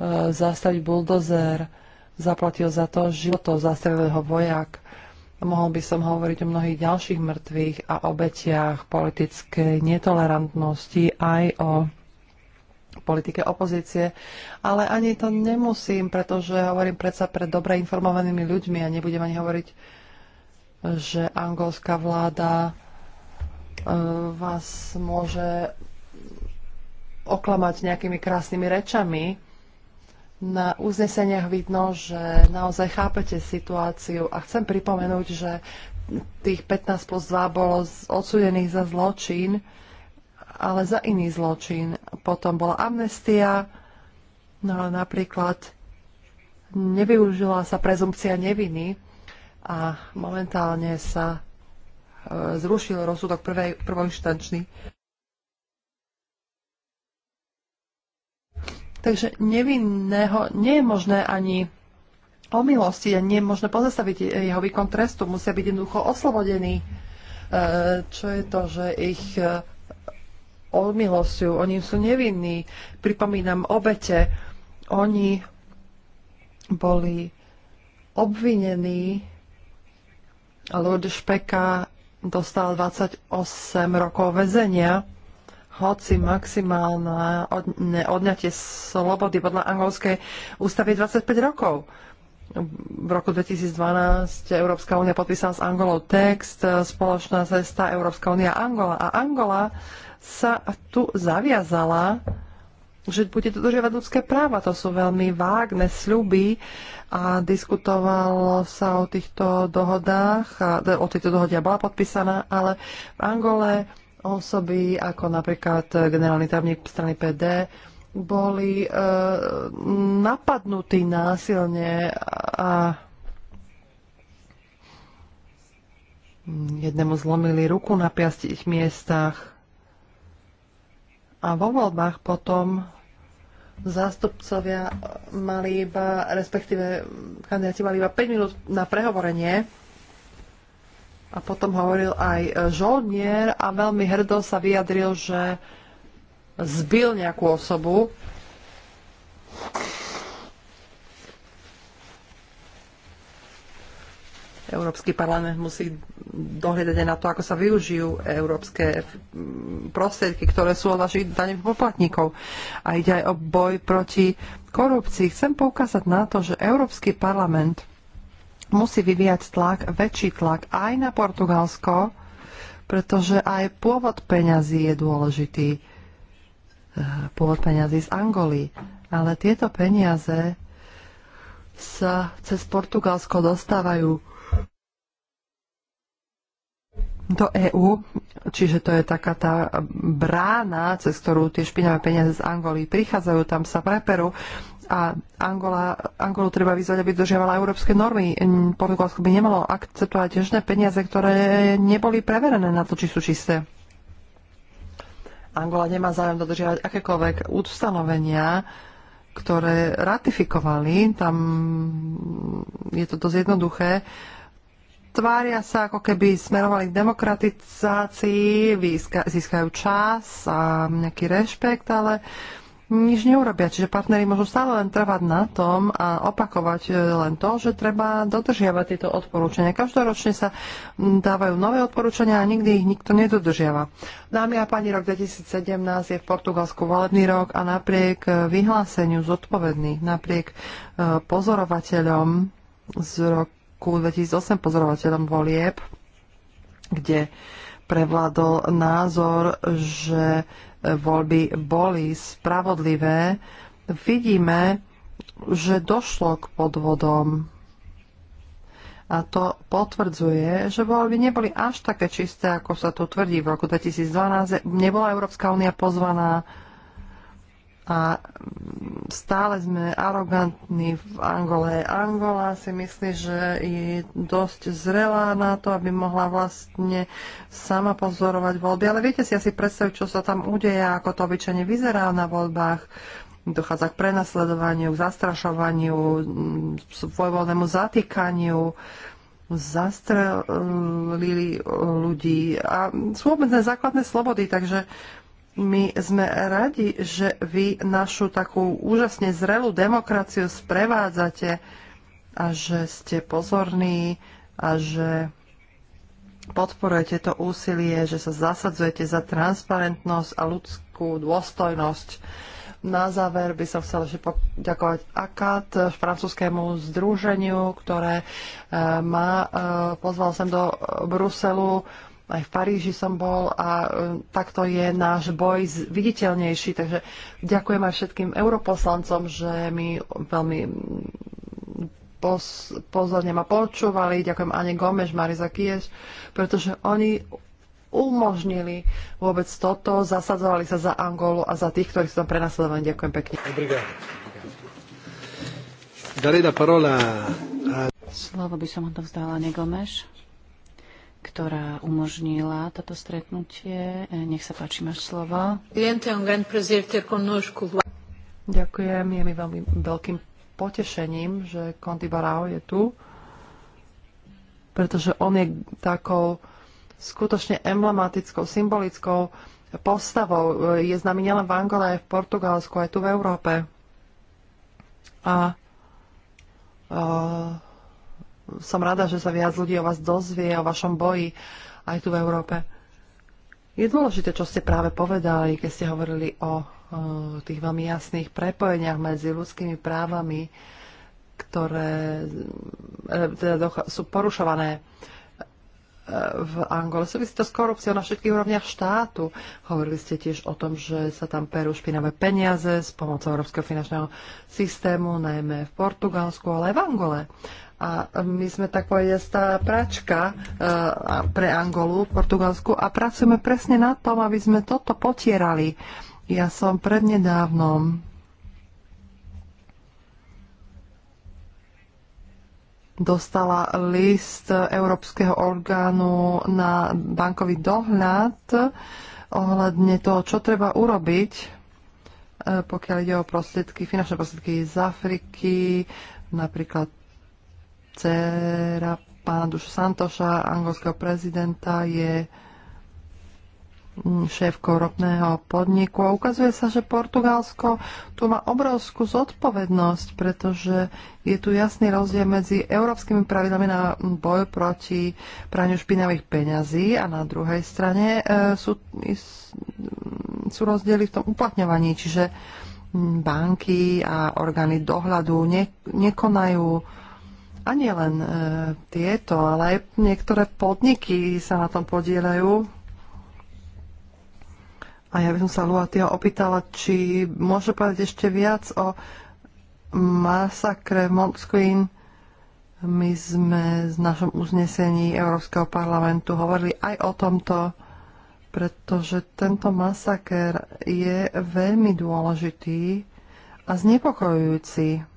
E, zastaviť buldozer, zaplatil za to životov zastrelého ho vojak. Mohol by som hovoriť o mnohých ďalších mŕtvych a obetiach politickej netolerantnosti, aj o politike opozície, ale ani to nemusím, pretože hovorím predsa pred dobre informovanými ľuďmi a nebudem ani hovoriť, že angolská vláda e, vás môže oklamať nejakými krásnymi rečami, na uzneseniach vidno, že naozaj chápete situáciu a chcem pripomenúť, že tých 15 plus 2 bolo odsudených za zločin, ale za iný zločin. Potom bola amnestia, no napríklad nevyužila sa prezumpcia neviny a momentálne sa e, zrušil rozsudok prvej, prvoinštančný. Takže nevinného nie je možné ani omilostiť a nie je možné pozastaviť jeho výkon trestu. Musia byť jednoducho oslobodení. E, čo je to, že ich e, omilosťujú? Oni sú nevinní. Pripomínam obete. Oni boli obvinení Lord Špeka dostal 28 rokov väzenia hoci maximálne odňatie slobody podľa angolskej ústavy 25 rokov. V roku 2012 Európska únia podpísala s Angolou text Spoločná cesta Európska únia Angola. A Angola sa tu zaviazala, že bude dodržiavať ľudské práva. To sú veľmi vágne sľuby a diskutovalo sa o týchto dohodách. A, o tejto dohode bola podpísaná, ale v Angole osoby, ako napríklad e, generálny tajomník strany PD, boli e, napadnutí násilne a jednému zlomili ruku na piastich miestach. A vo voľbách potom zástupcovia mali iba, respektíve kandidáti mali iba 5 minút na prehovorenie a potom hovoril aj e, žolnier a veľmi hrdo sa vyjadril, že zbil nejakú osobu. Európsky parlament musí dohľadať aj na to, ako sa využijú európske mm, prostriedky, ktoré sú od našich daných poplatníkov. A ide aj o boj proti korupcii. Chcem poukázať na to, že Európsky parlament musí vyvíjať tlak, väčší tlak aj na Portugalsko, pretože aj pôvod peňazí je dôležitý. Eh, pôvod peňazí z Angoly. Ale tieto peniaze sa cez Portugalsko dostávajú do EÚ, čiže to je taká tá brána, cez ktorú tie špinavé peniaze z Angolí, prichádzajú, tam sa preperú a Angola, Angolu treba vyzvať, aby dodržiavala európske normy. Portugalsko by nemalo akceptovať tiežné peniaze, ktoré neboli preverené na to, či sú čisté. Angola nemá záujem dodržiavať akékoľvek ustanovenia, ktoré ratifikovali. Tam je to dosť jednoduché tvária sa, ako keby smerovali k demokratizácii, získajú čas a nejaký rešpekt, ale nič neurobia. Čiže partnery môžu stále len trvať na tom a opakovať e, len to, že treba dodržiavať tieto odporúčania. Každoročne sa dávajú nové odporúčania a nikdy ich nikto nedodržiava. Dámy a páni, rok 2017 je v Portugalsku volebný rok a napriek e, vyhláseniu zodpovedných, napriek e, pozorovateľom z roku 2008 pozorovateľom volieb, kde prevládol názor, že voľby boli spravodlivé, vidíme, že došlo k podvodom. A to potvrdzuje, že voľby neboli až také čisté, ako sa tu tvrdí. V roku 2012 nebola Európska únia pozvaná a stále sme arogantní v Angole. Angola si myslí, že je dosť zrelá na to, aby mohla vlastne sama pozorovať voľby. Ale viete si asi predstaviť, čo sa tam udeje, ako to obyčajne vyzerá na voľbách. Dochádza k prenasledovaniu, k zastrašovaniu, svojvoľnému zatýkaniu zastrelili ľudí a sú obmedzené základné slobody, takže uh, my sme radi, že vy našu takú úžasne zrelú demokraciu sprevádzate a že ste pozorní a že podporujete to úsilie, že sa zasadzujete za transparentnosť a ľudskú dôstojnosť. Na záver by som chcela poďakovať AKAT, francúzskému združeniu, ktoré eh, ma eh, pozval sem do eh, Bruselu aj v Paríži som bol a e, takto je náš boj viditeľnejší. Takže ďakujem aj všetkým europoslancom, že mi veľmi pozorne ma počúvali. Ďakujem Ane Gomeš, Mariza Kieš, pretože oni umožnili vôbec toto, zasadzovali sa za Angolu a za tých, ktorí sú tam prenasledovaní. Ďakujem pekne. Slovo by som odovzdala Gomeš ktorá umožnila toto stretnutie. E, nech sa páči, máš slovo. Ďakujem, je mi veľmi veľkým potešením, že Kondi Barao je tu, pretože on je takou skutočne emblematickou, symbolickou postavou. E, je známy nielen v Angole, aj v Portugalsku, aj tu v Európe. A uh, som rada, že sa viac ľudí o vás dozvie, o vašom boji aj tu v Európe. Je dôležité, čo ste práve povedali, keď ste hovorili o, o tých veľmi jasných prepojeniach medzi ľudskými právami, ktoré e, teda sú porušované e, v Angole. Súvisí to s korupciou na všetkých úrovniach štátu. Hovorili ste tiež o tom, že sa tam perú špinavé peniaze s pomocou Európskeho finančného systému, najmä v Portugalsku, ale aj v Angole a my sme tak povedať tá pračka e, pre Angolu, Portugalsku a pracujeme presne na tom, aby sme toto potierali. Ja som prednedávnom dostala list Európskeho orgánu na bankový dohľad ohľadne toho, čo treba urobiť, e, pokiaľ ide o prostriedky, finančné prostriedky z Afriky, napríklad dcera pána Duša Santoša, angolského prezidenta, je mm, šéfkou ropného podniku a ukazuje sa, že Portugalsko tu má obrovskú zodpovednosť, pretože je tu jasný rozdiel medzi európskymi pravidlami na boj proti praniu špinavých peňazí a na druhej strane e, sú, sú rozdiely v tom uplatňovaní, čiže mm, banky a orgány dohľadu ne, nekonajú a nie len e, tieto, ale aj niektoré podniky sa na tom podielajú. A ja by som sa Luatia opýtala, či môže povedať ešte viac o masakre v Montskvín. My sme v našom uznesení Európskeho parlamentu hovorili aj o tomto, pretože tento masaker je veľmi dôležitý a znepokojujúci.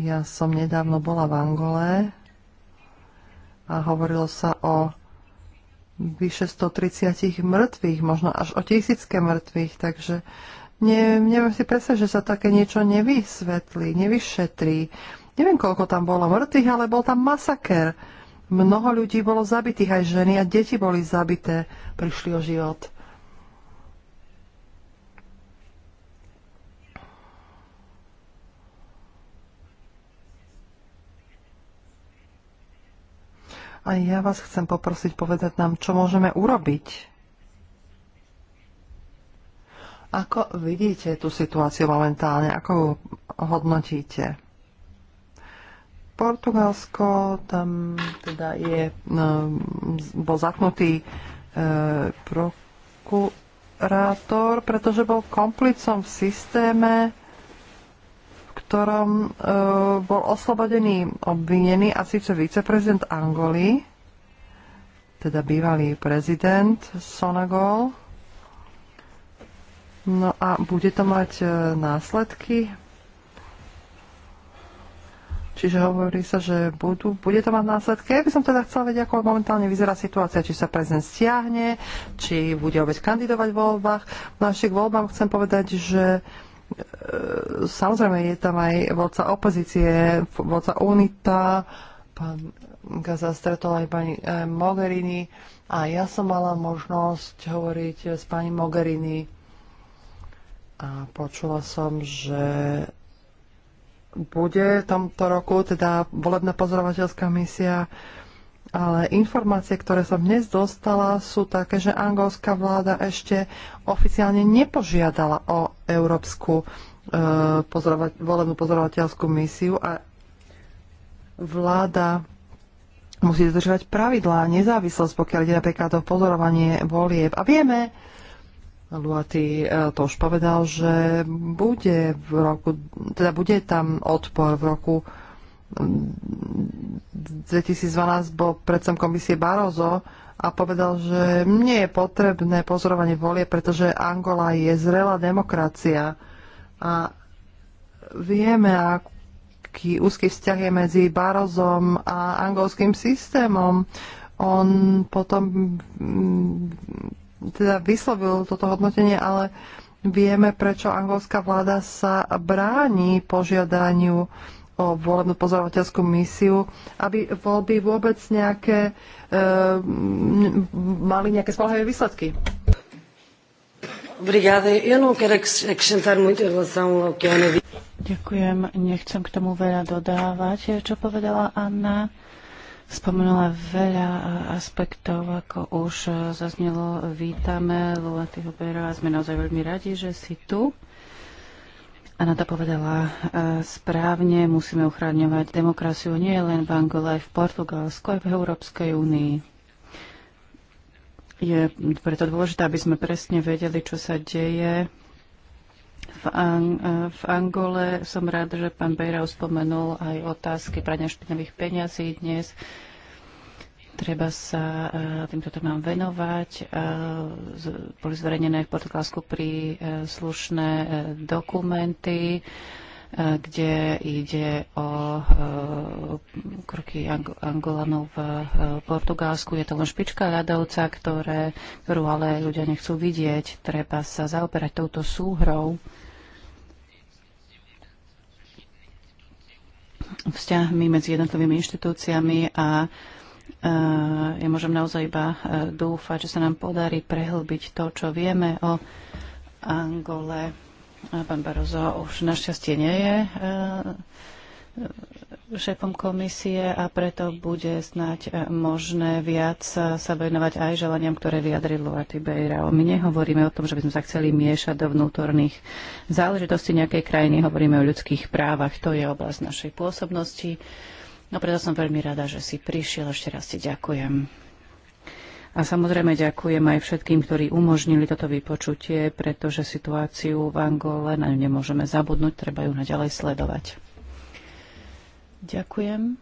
Ja som nedávno bola v Angole a hovorilo sa o vyše 130 mŕtvych, možno až o tisícke mŕtvych, takže ne, neviem si predstaviť, že sa také niečo nevysvetlí, nevyšetrí. Neviem, koľko tam bolo mŕtvych, ale bol tam masaker. Mnoho ľudí bolo zabitých, aj ženy a deti boli zabité, prišli o život. A ja vás chcem poprosiť povedať nám, čo môžeme urobiť. Ako vidíte tú situáciu momentálne? Ako ju hodnotíte? Portugalsko, tam teda je, no, bol zaknutý e, prokurátor, pretože bol komplicom v systéme, ktorom e, bol oslobodený obvinený a síce viceprezident Angoly, teda bývalý prezident Sonagol. No a bude to mať e, následky? Čiže hovorí sa, že budú, bude to mať následky. Ja by som teda chcela vedieť, ako momentálne vyzerá situácia, či sa prezident stiahne, či bude opäť kandidovať v voľbách. No a k voľbám chcem povedať, že uh, E, samozrejme je tam aj vodca opozície, vodca UNITA, pán Gaza stretol aj pani e, Mogherini a ja som mala možnosť hovoriť s pani Mogherini a počula som, že bude v tomto roku teda volebná pozorovateľská misia ale informácie, ktoré som dnes dostala, sú také, že angolská vláda ešte oficiálne nepožiadala o európsku e, pozorovať, volebnú pozorovateľskú misiu a vláda musí dodržovať pravidlá a nezávislosť, pokiaľ ide napríklad o pozorovanie volieb. A vieme, Luati e, to už povedal, že bude v roku, teda bude tam odpor v roku 2012 bol predsem komisie Barozo a povedal, že nie je potrebné pozorovanie volie, pretože Angola je zrelá demokracia a vieme, aký úzky vzťah je medzi Barozom a angolským systémom. On potom mm, teda vyslovil toto hodnotenie, ale vieme, prečo angolská vláda sa bráni požiadaniu o volebnú pozorovateľskú misiu, aby voľby vôbec nejaké, e, mali nejaké spolahové výsledky. Ďakujem, nechcem k tomu veľa dodávať, čo povedala Anna. Spomenula veľa e, aspektov, ako už e, zaznelo. Vítame Lula Tihobera a sme naozaj veľmi radi, že si tu. Ana to povedala e, správne, musíme uchráňovať demokraciu nie len v Angole, aj v Portugalsku, aj v Európskej únii. Je preto dôležité, aby sme presne vedeli, čo sa deje. V, Ang- e, v Angole som rád, že pán Bejrau spomenul aj otázky prania špinavých peňazí dnes. Treba sa eh, týmto témam venovať. Eh, boli zverejnené v Portugalsku pri slušné eh, dokumenty kde ide o kroky Angolanov v Portugalsku. Je to len špička ľadovca, ktoré, ktorú ale ľudia nechcú vidieť. Treba sa zaoperať touto súhrou. vzťahmi medzi jednotlivými inštitúciami a ja môžem naozaj iba e, dúfať, že sa nám podarí prehlbiť to, čo vieme o Angole. Pán Barozo už našťastie nie je e, šéfom komisie a preto bude snať e, možné viac sa venovať aj želaniam, ktoré vyjadril Lula Tibeirao. My nehovoríme o tom, že by sme sa chceli miešať do vnútorných záležitostí nejakej krajiny, hovoríme o ľudských právach. To je oblasť našej pôsobnosti No preto som veľmi rada, že si prišiel. Ešte raz ti ďakujem. A samozrejme ďakujem aj všetkým, ktorí umožnili toto vypočutie, pretože situáciu v Angole na ňu nemôžeme zabudnúť, treba ju naďalej sledovať. Ďakujem.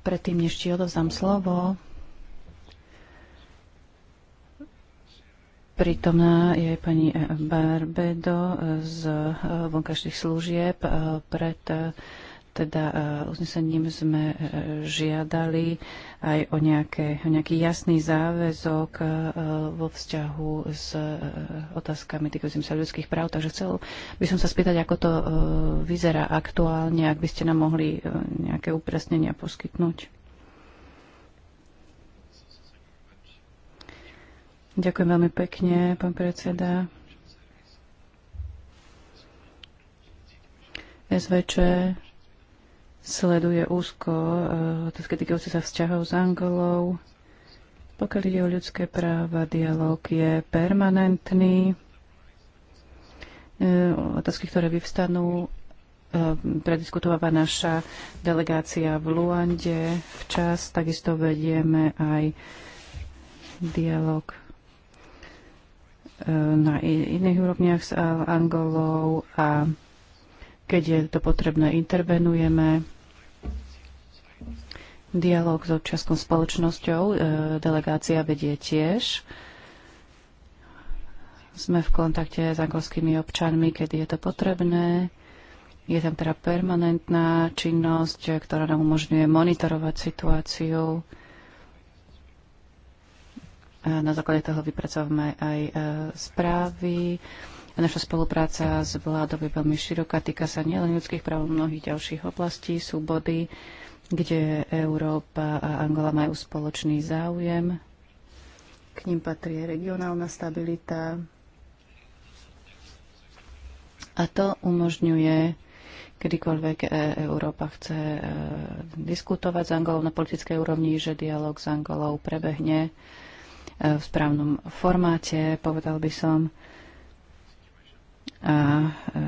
Predtým, než ti odovzdám slovo, Prítomná je pani Barbedo z vonkajších služieb. Eh, pred eh, teda e, uznesením sme e, žiadali aj o, nejaké, o nejaký jasný záväzok e, vo vzťahu s otázkami týkajúcim sa ľudských práv. Takže chcel by som sa spýtať, ako to vyzerá aktuálne, ak by ste nám mohli nejaké upresnenia poskytnúť. Ďakujem veľmi pekne, pán predseda. SVČ sleduje úzko eh, otázky týkajúce sa vzťahov s Angolou. Pokiaľ ide o ľudské práva, dialog je permanentný. Eh, otázky, ktoré vyvstanú, eh, prediskutováva naša delegácia v Luande včas. Takisto vedieme aj dialog na iných úrovniach s Angolou a keď je to potrebné, intervenujeme. Dialóg s občianskou spoločnosťou e, delegácia vedie tiež. Sme v kontakte s angolskými občanmi, keď je to potrebné. Je tam teda permanentná činnosť, ktorá nám umožňuje monitorovať situáciu. E, na základe toho vypracovame aj e, správy. A naša spolupráca s vládou je veľmi široká, týka sa nielen ľudských práv, mnohých ďalších oblastí, sú body, kde Európa a Angola majú spoločný záujem. K ním patrí regionálna stabilita, a to umožňuje, kedykoľvek e, Európa chce e, diskutovať s Angolou na politickej úrovni, že dialog s Angolou prebehne e, v správnom formáte, povedal by som a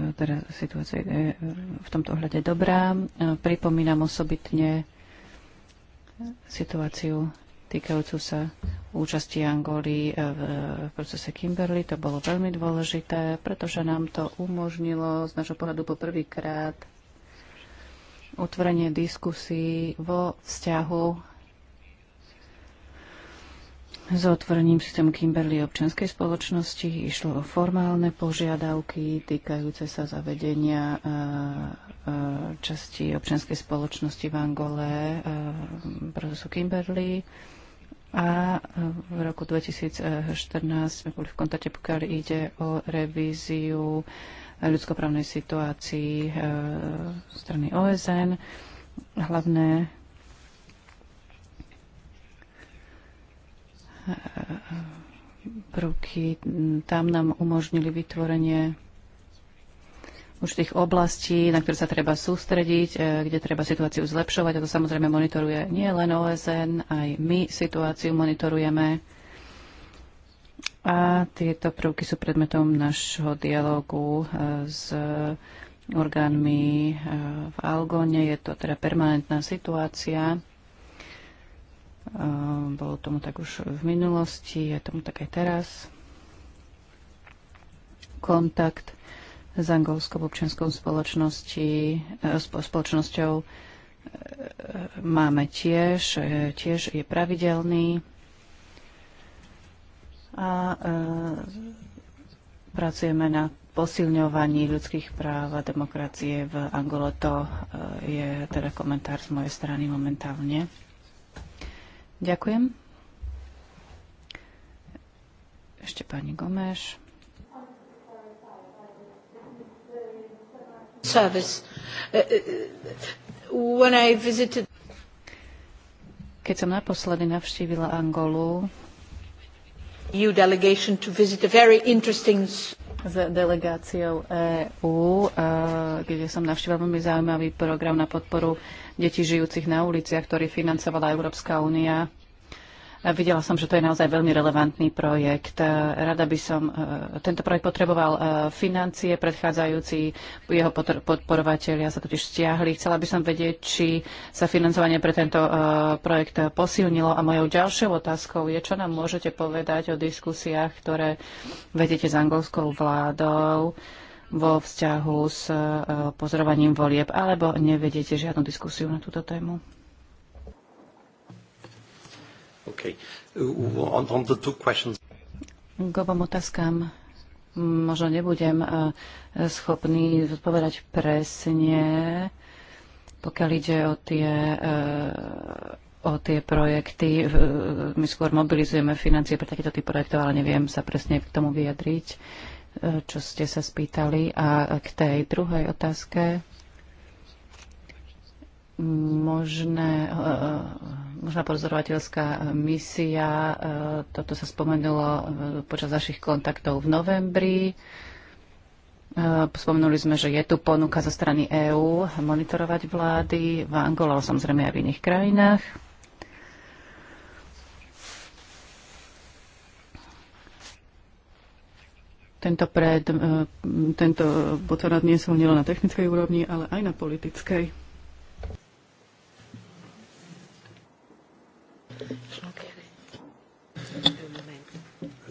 e, teda situácia je e, v tomto ohľade dobrá. E, pripomínam osobitne situáciu týkajúcu sa účasti Angoly v procese Kimberly. To bolo veľmi dôležité, pretože nám to umožnilo z nášho pohľadu poprvýkrát utvorenie diskusí vo vzťahu s otvorením systému Kimberly občianskej spoločnosti išlo o formálne požiadavky týkajúce sa zavedenia e, e, časti občianskej spoločnosti v Angole e, procesu Kimberly. A v roku 2014 sme boli v kontakte, pokiaľ ide o revíziu ľudskoprávnej situácii strany OSN. Hlavné prvky tam nám umožnili vytvorenie už tých oblastí, na ktoré sa treba sústrediť, e, kde treba situáciu zlepšovať. A to samozrejme monitoruje nie len OSN, aj my situáciu monitorujeme. A tieto prvky sú predmetom našho dialogu e, s orgánmi e, v Algóne. Je to teda permanentná situácia. Ehm, bolo tomu tak už v minulosti, je tomu tak aj teraz. Kontakt s angolskou občianskou eh, spoločnosťou eh, máme tiež, eh, tiež je pravidelný. A pracujeme na posilňovaní ľudských práv a demokracie v Angole. To je teda komentár z mojej strany momentálne. Ďakujem. Ešte pani Gomeš. Uh, uh, Keď som naposledy navštívila Angolu, EU delegation to visit a very interesting s delegáciou EÚ, e, kde som navštívila veľmi zaujímavý program na podporu detí žijúcich na uliciach, ktorý financovala Európska únia Videla som, že to je naozaj veľmi relevantný projekt. Rada by som, e, tento projekt potreboval e, financie, predchádzajúci jeho podporovatelia sa totiž stiahli. Chcela by som vedieť, či sa financovanie pre tento e, projekt posilnilo. A mojou ďalšou otázkou je, čo nám môžete povedať o diskusiách, ktoré vedete s angolskou vládou vo vzťahu s pozorovaním volieb, alebo nevedete žiadnu diskusiu na túto tému? Uh, k obom otázkam možno nebudem uh, schopný zodpovedať presne, pokiaľ ide o tie, uh, o tie projekty. My skôr mobilizujeme financie pre takýto typ projektov, ale neviem sa presne k tomu vyjadriť, čo ste sa spýtali. A k tej druhej otázke možné, eh, eh, možná pozorovateľská misia, eh, toto sa spomenulo počas našich kontaktov v novembri. Spomenuli sme, že je tu ponuka zo strany EÚ monitorovať vlády v Angole, ale samozrejme aj v iných krajinách. Tento, pred, tento bod nie sú nielen na technickej úrovni, ale aj na politickej.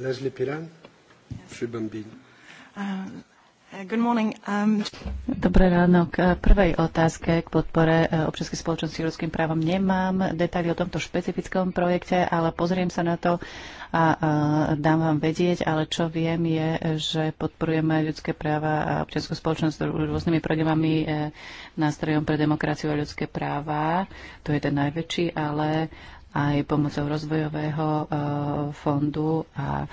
Leslie Piran, uh, um... Dobré ráno. K prvej otázke k podpore uh, občianskej spoločnosti ľudským právom nemám detaily o tomto špecifickom projekte, ale pozriem sa na to a, uh, dám vám vedieť, ale čo viem je, že podporujeme ľudské práva a občianskú spoločnosť rôznymi programami, nástrojom pre demokraciu a ľudské práva. To je ten najväčší, ale aj pomocou rozvojového e, fondu a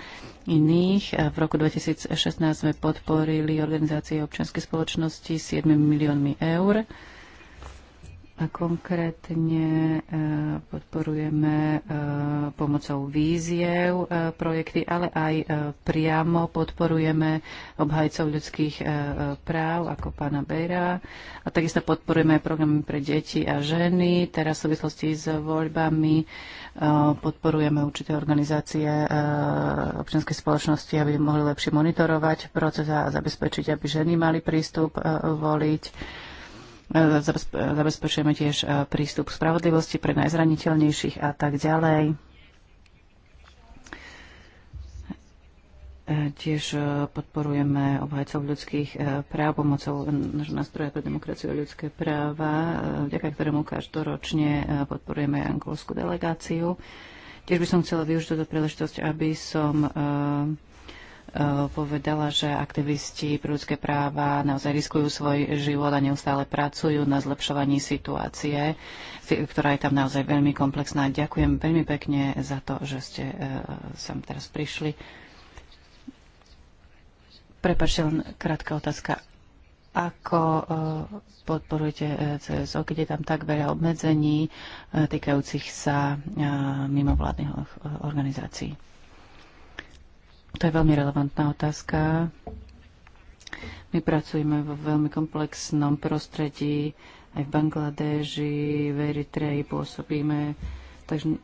iných. E, v roku 2016 sme podporili organizácie občianskej spoločnosti 7 miliónmi eur. A konkrétne e, podporujeme e, pomocou víziev e, projekty, ale aj priamo podporujeme obhajcov ľudských práv ako pána Bejra. A takisto podporujeme aj programy pre deti a ženy. Teraz v súvislosti s voľbami podporujeme určité organizácie občianskej spoločnosti, aby mohli lepšie monitorovať proces a zabezpečiť, aby ženy mali prístup voliť E, e, zabezpečujeme tiež e, prístup k spravodlivosti pre najzraniteľnejších a tak ďalej. Tiež podporujeme obhajcov ľudských práv pomocou nášho nástroja pre demokraciu a ľudské práva, vďaka ktorému každoročne podporujeme angolskú delegáciu. Tiež by som chcela využiť túto príležitosť, aby som Eh, povedala, že aktivisti pre ľudské práva naozaj riskujú svoj život a neustále pracujú na zlepšovaní situácie, ktorá je tam naozaj veľmi komplexná. Ďakujem veľmi pekne za to, že ste eh, sem teraz prišli. Prepačte, len krátka otázka ako eh, podporujete CSO, keď je tam tak veľa obmedzení týkajúcich sa mimovládnych organizácií. To je veľmi relevantná otázka. My pracujeme vo veľmi komplexnom prostredí, aj v Bangladeži, v Eritreji pôsobíme, takže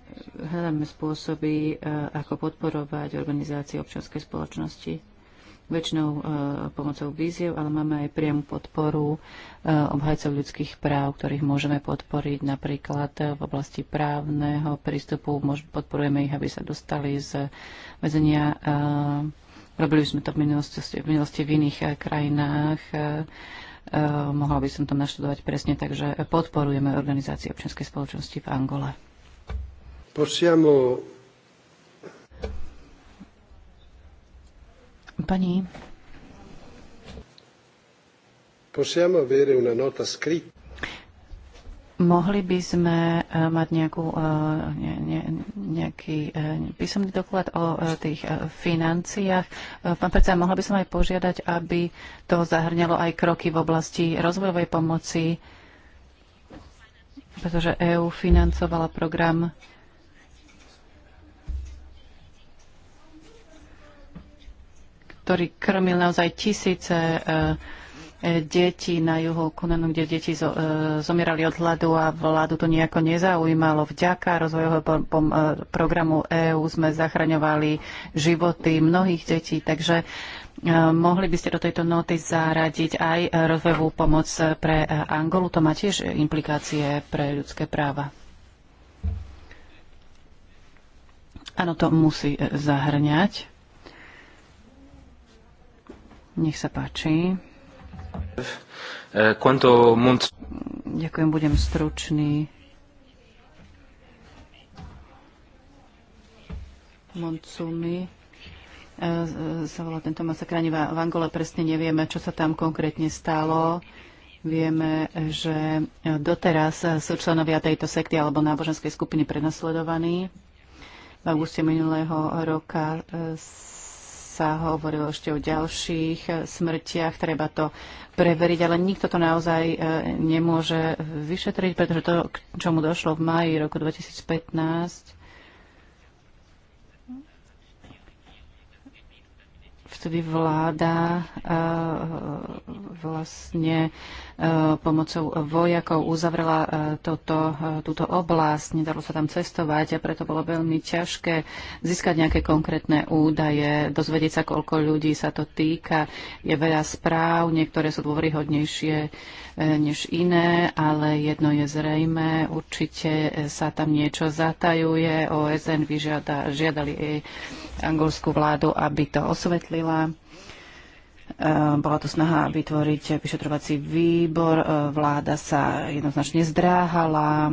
hľadáme spôsoby, eh, ako podporovať organizácie občianskej spoločnosti väčšinou e, pomocou víziev, ale máme aj priamu podporu e, obhajcov ľudských práv, ktorých môžeme podporiť napríklad e, v oblasti právneho prístupu. Podporujeme ich, aby sa dostali z väzenia. Robili sme to v minulosti v, minulosti v iných krajinách. Mohla by som to naštudovať presne, takže podporujeme organizácie občianskej spoločnosti v Angole. Possiamo Pani. Possiamo avere una nota scritta. Mohli by sme eh, mať nejakú, eh, ne, ne, nejaký eh, písomný doklad o tých financiách. Pán predseda, mohla by som aj požiadať, aby to zahrňalo aj kroky v oblasti rozvojovej pomoci, pretože EÚ financovala program ktorý krmil naozaj tisíce eh, eh, detí na juhu Kunanu, kde deti eh, zomierali od hladu a vládu to nejako nezaujímalo. Vďaka rozvojového programu EÚ sme zachraňovali životy mnohých detí, takže mohli by ste do tejto noty zaradiť aj rozvojovú pomoc pre Angolu. To má tiež implikácie pre ľudské práva. Áno, to musí zahrňať nech sa páči. Eh, Ďakujem, budem stručný. Monsumi eh, sa volá tento masakr. v Angole presne nevieme, čo sa tam konkrétne stalo. Vieme, že eh, doteraz sú členovia tejto sekty alebo náboženskej skupiny prenasledovaní. V auguste minulého roka sa hovorilo ešte o ďalších e, smrtiach, treba to preveriť, ale nikto to naozaj e, nemôže vyšetriť, pretože to, k čomu došlo v maji roku 2015, vtedy vláda e, vlastne Eh, pomocou vojakov uzavrela eh, toto, eh, túto oblasť, nedalo sa tam cestovať a preto bolo veľmi ťažké získať nejaké konkrétne údaje, dozvedieť sa, koľko ľudí sa to týka. Je veľa správ, niektoré sú dôveryhodnejšie než iné, ale jedno je zrejme, určite sa tam niečo zatajuje. OSN vyžiada, žiadali aj angolskú vládu, aby to osvetlila Ehm, bola tu snaha vytvoriť vyšetrovací výbor, ehm, vláda sa jednoznačne zdráhala,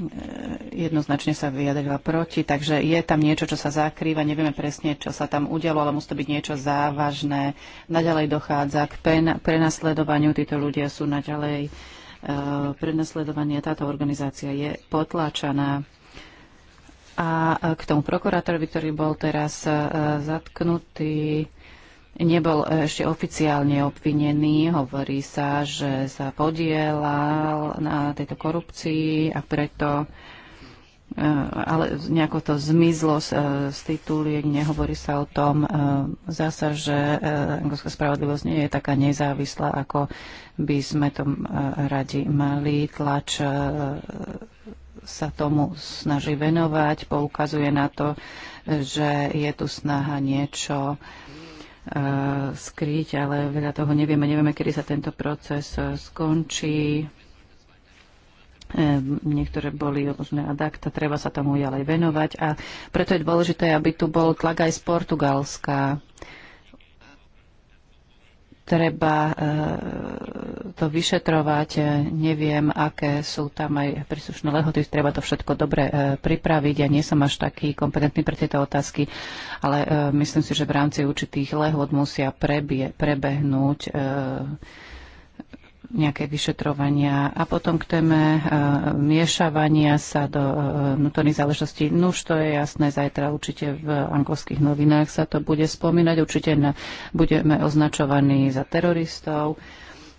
ehm, jednoznačne sa vyjadrila proti, takže je tam niečo, čo sa zakrýva, nevieme presne, čo sa tam udialo, ale musí to byť niečo závažné. Naďalej dochádza k pen- prenasledovaniu, títo ľudia sú naďalej Prenasledovanie, táto organizácia je potláčaná. A e, k tomu prokurátorovi, ktorý bol teraz e, zatknutý, nebol e, ešte oficiálne obvinený. Hovorí sa, že sa podielal na tejto korupcii a preto ale nejako to zmizlo z, z tituliek, nehovorí sa o tom. Zasa, že anglická spravodlivosť nie je taká nezávislá, ako by sme to radi mali. Tlač sa tomu snaží venovať, poukazuje na to, že je tu snaha niečo e, skryť, ale veľa toho nevieme. Nevieme, kedy sa tento proces e, skončí. E, niektoré boli možné adakta, treba sa tomu ďalej venovať a preto je dôležité, aby tu bol tlak aj z Portugalska treba e, to vyšetrovať. E, neviem, aké sú tam aj príslušné lehoty. Treba to všetko dobre e, pripraviť. Ja nie som až taký kompetentný pre tieto otázky, ale myslím si, že v rámci určitých lehot musia prebie, prebehnúť nejaké vyšetrovania a potom k téme e, miešavania sa do e, vnútorných záležitostí. Nuž, to je jasné, zajtra určite v anglických novinách sa to bude spomínať, určite na, budeme označovaní za teroristov.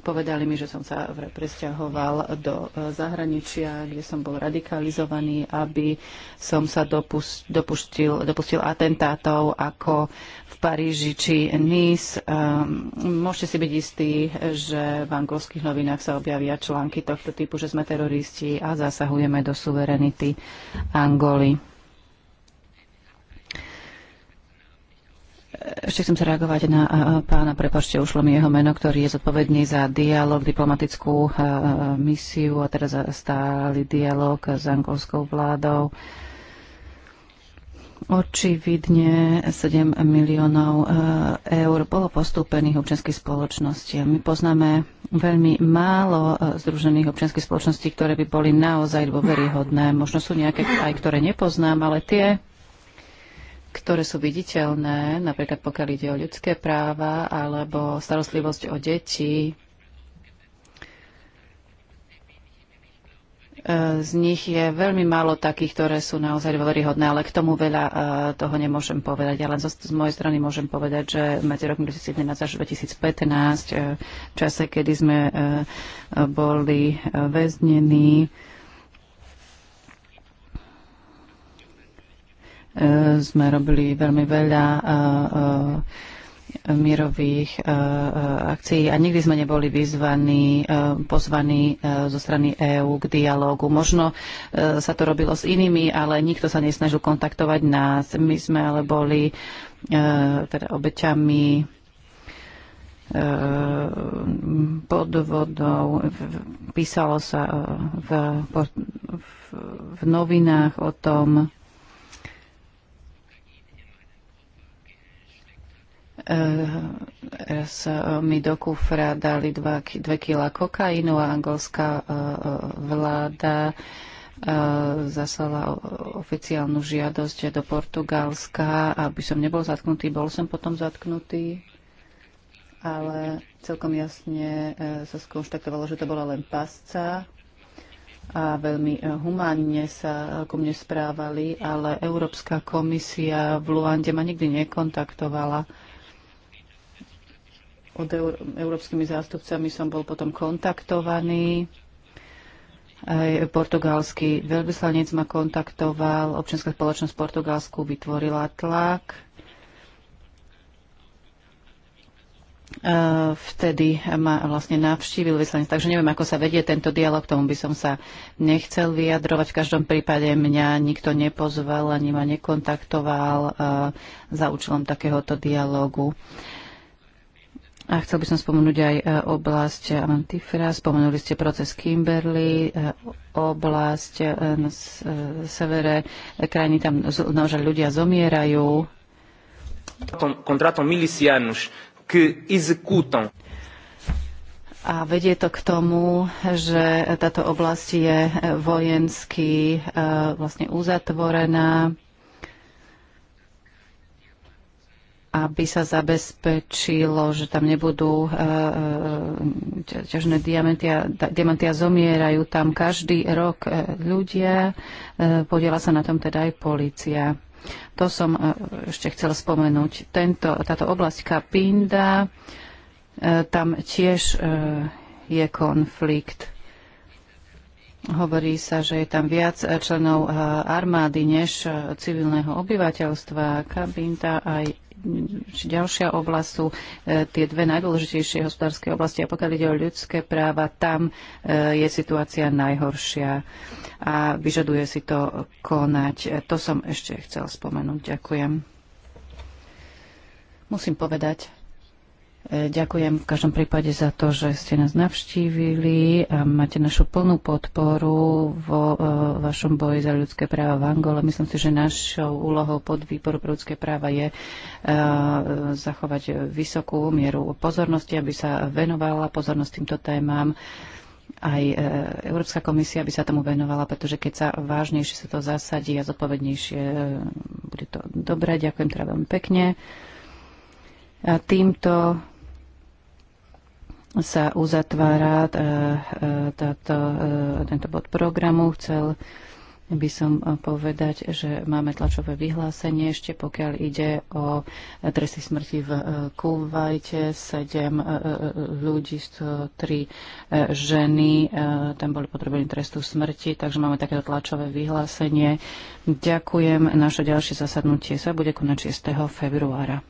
Povedali mi, že som sa presťahoval do e, zahraničia, kde som bol radikalizovaný, aby som sa dopustil, dopustil, dopustil atentátov ako v Paríži či Nice. Um, môžete si byť istí, že v angolských novinách sa objavia články tohto typu, že sme teroristi a zasahujeme do suverenity Angoly. Ešte chcem sa reagovať na pána, prepašte, ušlo mi jeho meno, ktorý je zodpovedný za dialog, diplomatickú misiu a teraz za stály dialog s angolskou vládou. Očividne 7 miliónov e, eur bolo postúpených občianských spoločností. My poznáme veľmi málo e, združených občianských spoločností, ktoré by boli naozaj dôveryhodné. Možno sú nejaké aj, ktoré nepoznám, ale tie ktoré sú viditeľné, napríklad pokiaľ ide o ľudské práva alebo starostlivosť o deti. E, z nich je veľmi málo takých, ktoré sú naozaj dôveryhodné, ale k tomu veľa e, toho nemôžem povedať. Ale z, z mojej strany môžem povedať, že medzi rokmi 2011 až 2015, e, v čase, kedy sme boli väznení, Eh, sme robili veľmi veľa eh, eh, mierových akcií a nikdy sme neboli vyzvaní, pozvaní zo strany EÚ k dialógu. Možno sa to robilo s inými, ale nikto sa nesnažil kontaktovať nás. My sme ale boli teda obeťami podvodov. Písalo sa v, v, v novinách o tom, raz e, mi do kufra dali 2 kg kokainu a angolská e, e, vláda zaslala oficiálnu žiadosť do Portugalska, aby som nebol zatknutý. Bol som potom zatknutý, ale celkom jasne sa skonštatovalo, že to bola len pasca a veľmi humánne sa ku mne správali, ale Európska komisia v Luande ma nikdy nekontaktovala od eur, európskymi zástupcami som bol potom kontaktovaný. Aj portugalský veľvyslanec ma kontaktoval, občianská spoločnosť v Portugalsku vytvorila tlak. Vtedy ma vlastne navštívil vyslanec, takže neviem, ako sa vedie tento dialog, tomu by som sa nechcel vyjadrovať. V každom prípade mňa nikto nepozval, ani ma nekontaktoval za účelom takéhoto dialogu. A chcel by som spomenúť aj e, oblasť e, Antifera, spomenuli ste proces Kimberly, e, oblasť na severe krajiny, tam naozaj ľudia zomierajú. Kontratom milicianus que executam a vedie to k tomu, že táto oblasť je vojensky vlastne uzatvorená. aby sa zabezpečilo, že tam nebudú e, e, ťažné diamanty a, diamanty a zomierajú tam každý rok e, ľudia. Podiela sa na tom teda aj policia. To som ešte chcel spomenúť. Tento, táto oblasť Kapinda, tam tiež je konflikt Hovorí sa, že je tam viac členov eh, armády než eh, civilného obyvateľstva. Kabinta aj ďalšia oblasť sú eh, tie dve najdôležitejšie hospodárske oblasti. A pokiaľ ide o ľudské práva, tam je situácia najhoršia a vyžaduje si to konať. To som ešte chcel spomenúť. Ďakujem. Musím povedať, Ďakujem v každom prípade za to, že ste nás navštívili a máte našu plnú podporu vo e, vašom boji za ľudské práva v Angole. Myslím si, že našou úlohou pod výboru pre ľudské práva je e, zachovať vysokú mieru pozornosti, aby sa venovala pozornosť týmto témam aj e, Európska komisia by sa tomu venovala, pretože keď sa vážnejšie sa to zasadí a zodpovednejšie, bude to dobré. Ďakujem teda veľmi pekne. A týmto sa uzatvára e, e, táto, e, tento bod programu. Chcel by som povedať, že máme tlačové vyhlásenie ešte, pokiaľ ide o tresty smrti v Kuvajte. Sedem ľudí, 103 ženy, tam boli potrebení trestu smrti, takže máme takéto tlačové vyhlásenie. Ďakujem. Naše ďalšie zasadnutie sa bude konať 6. februára.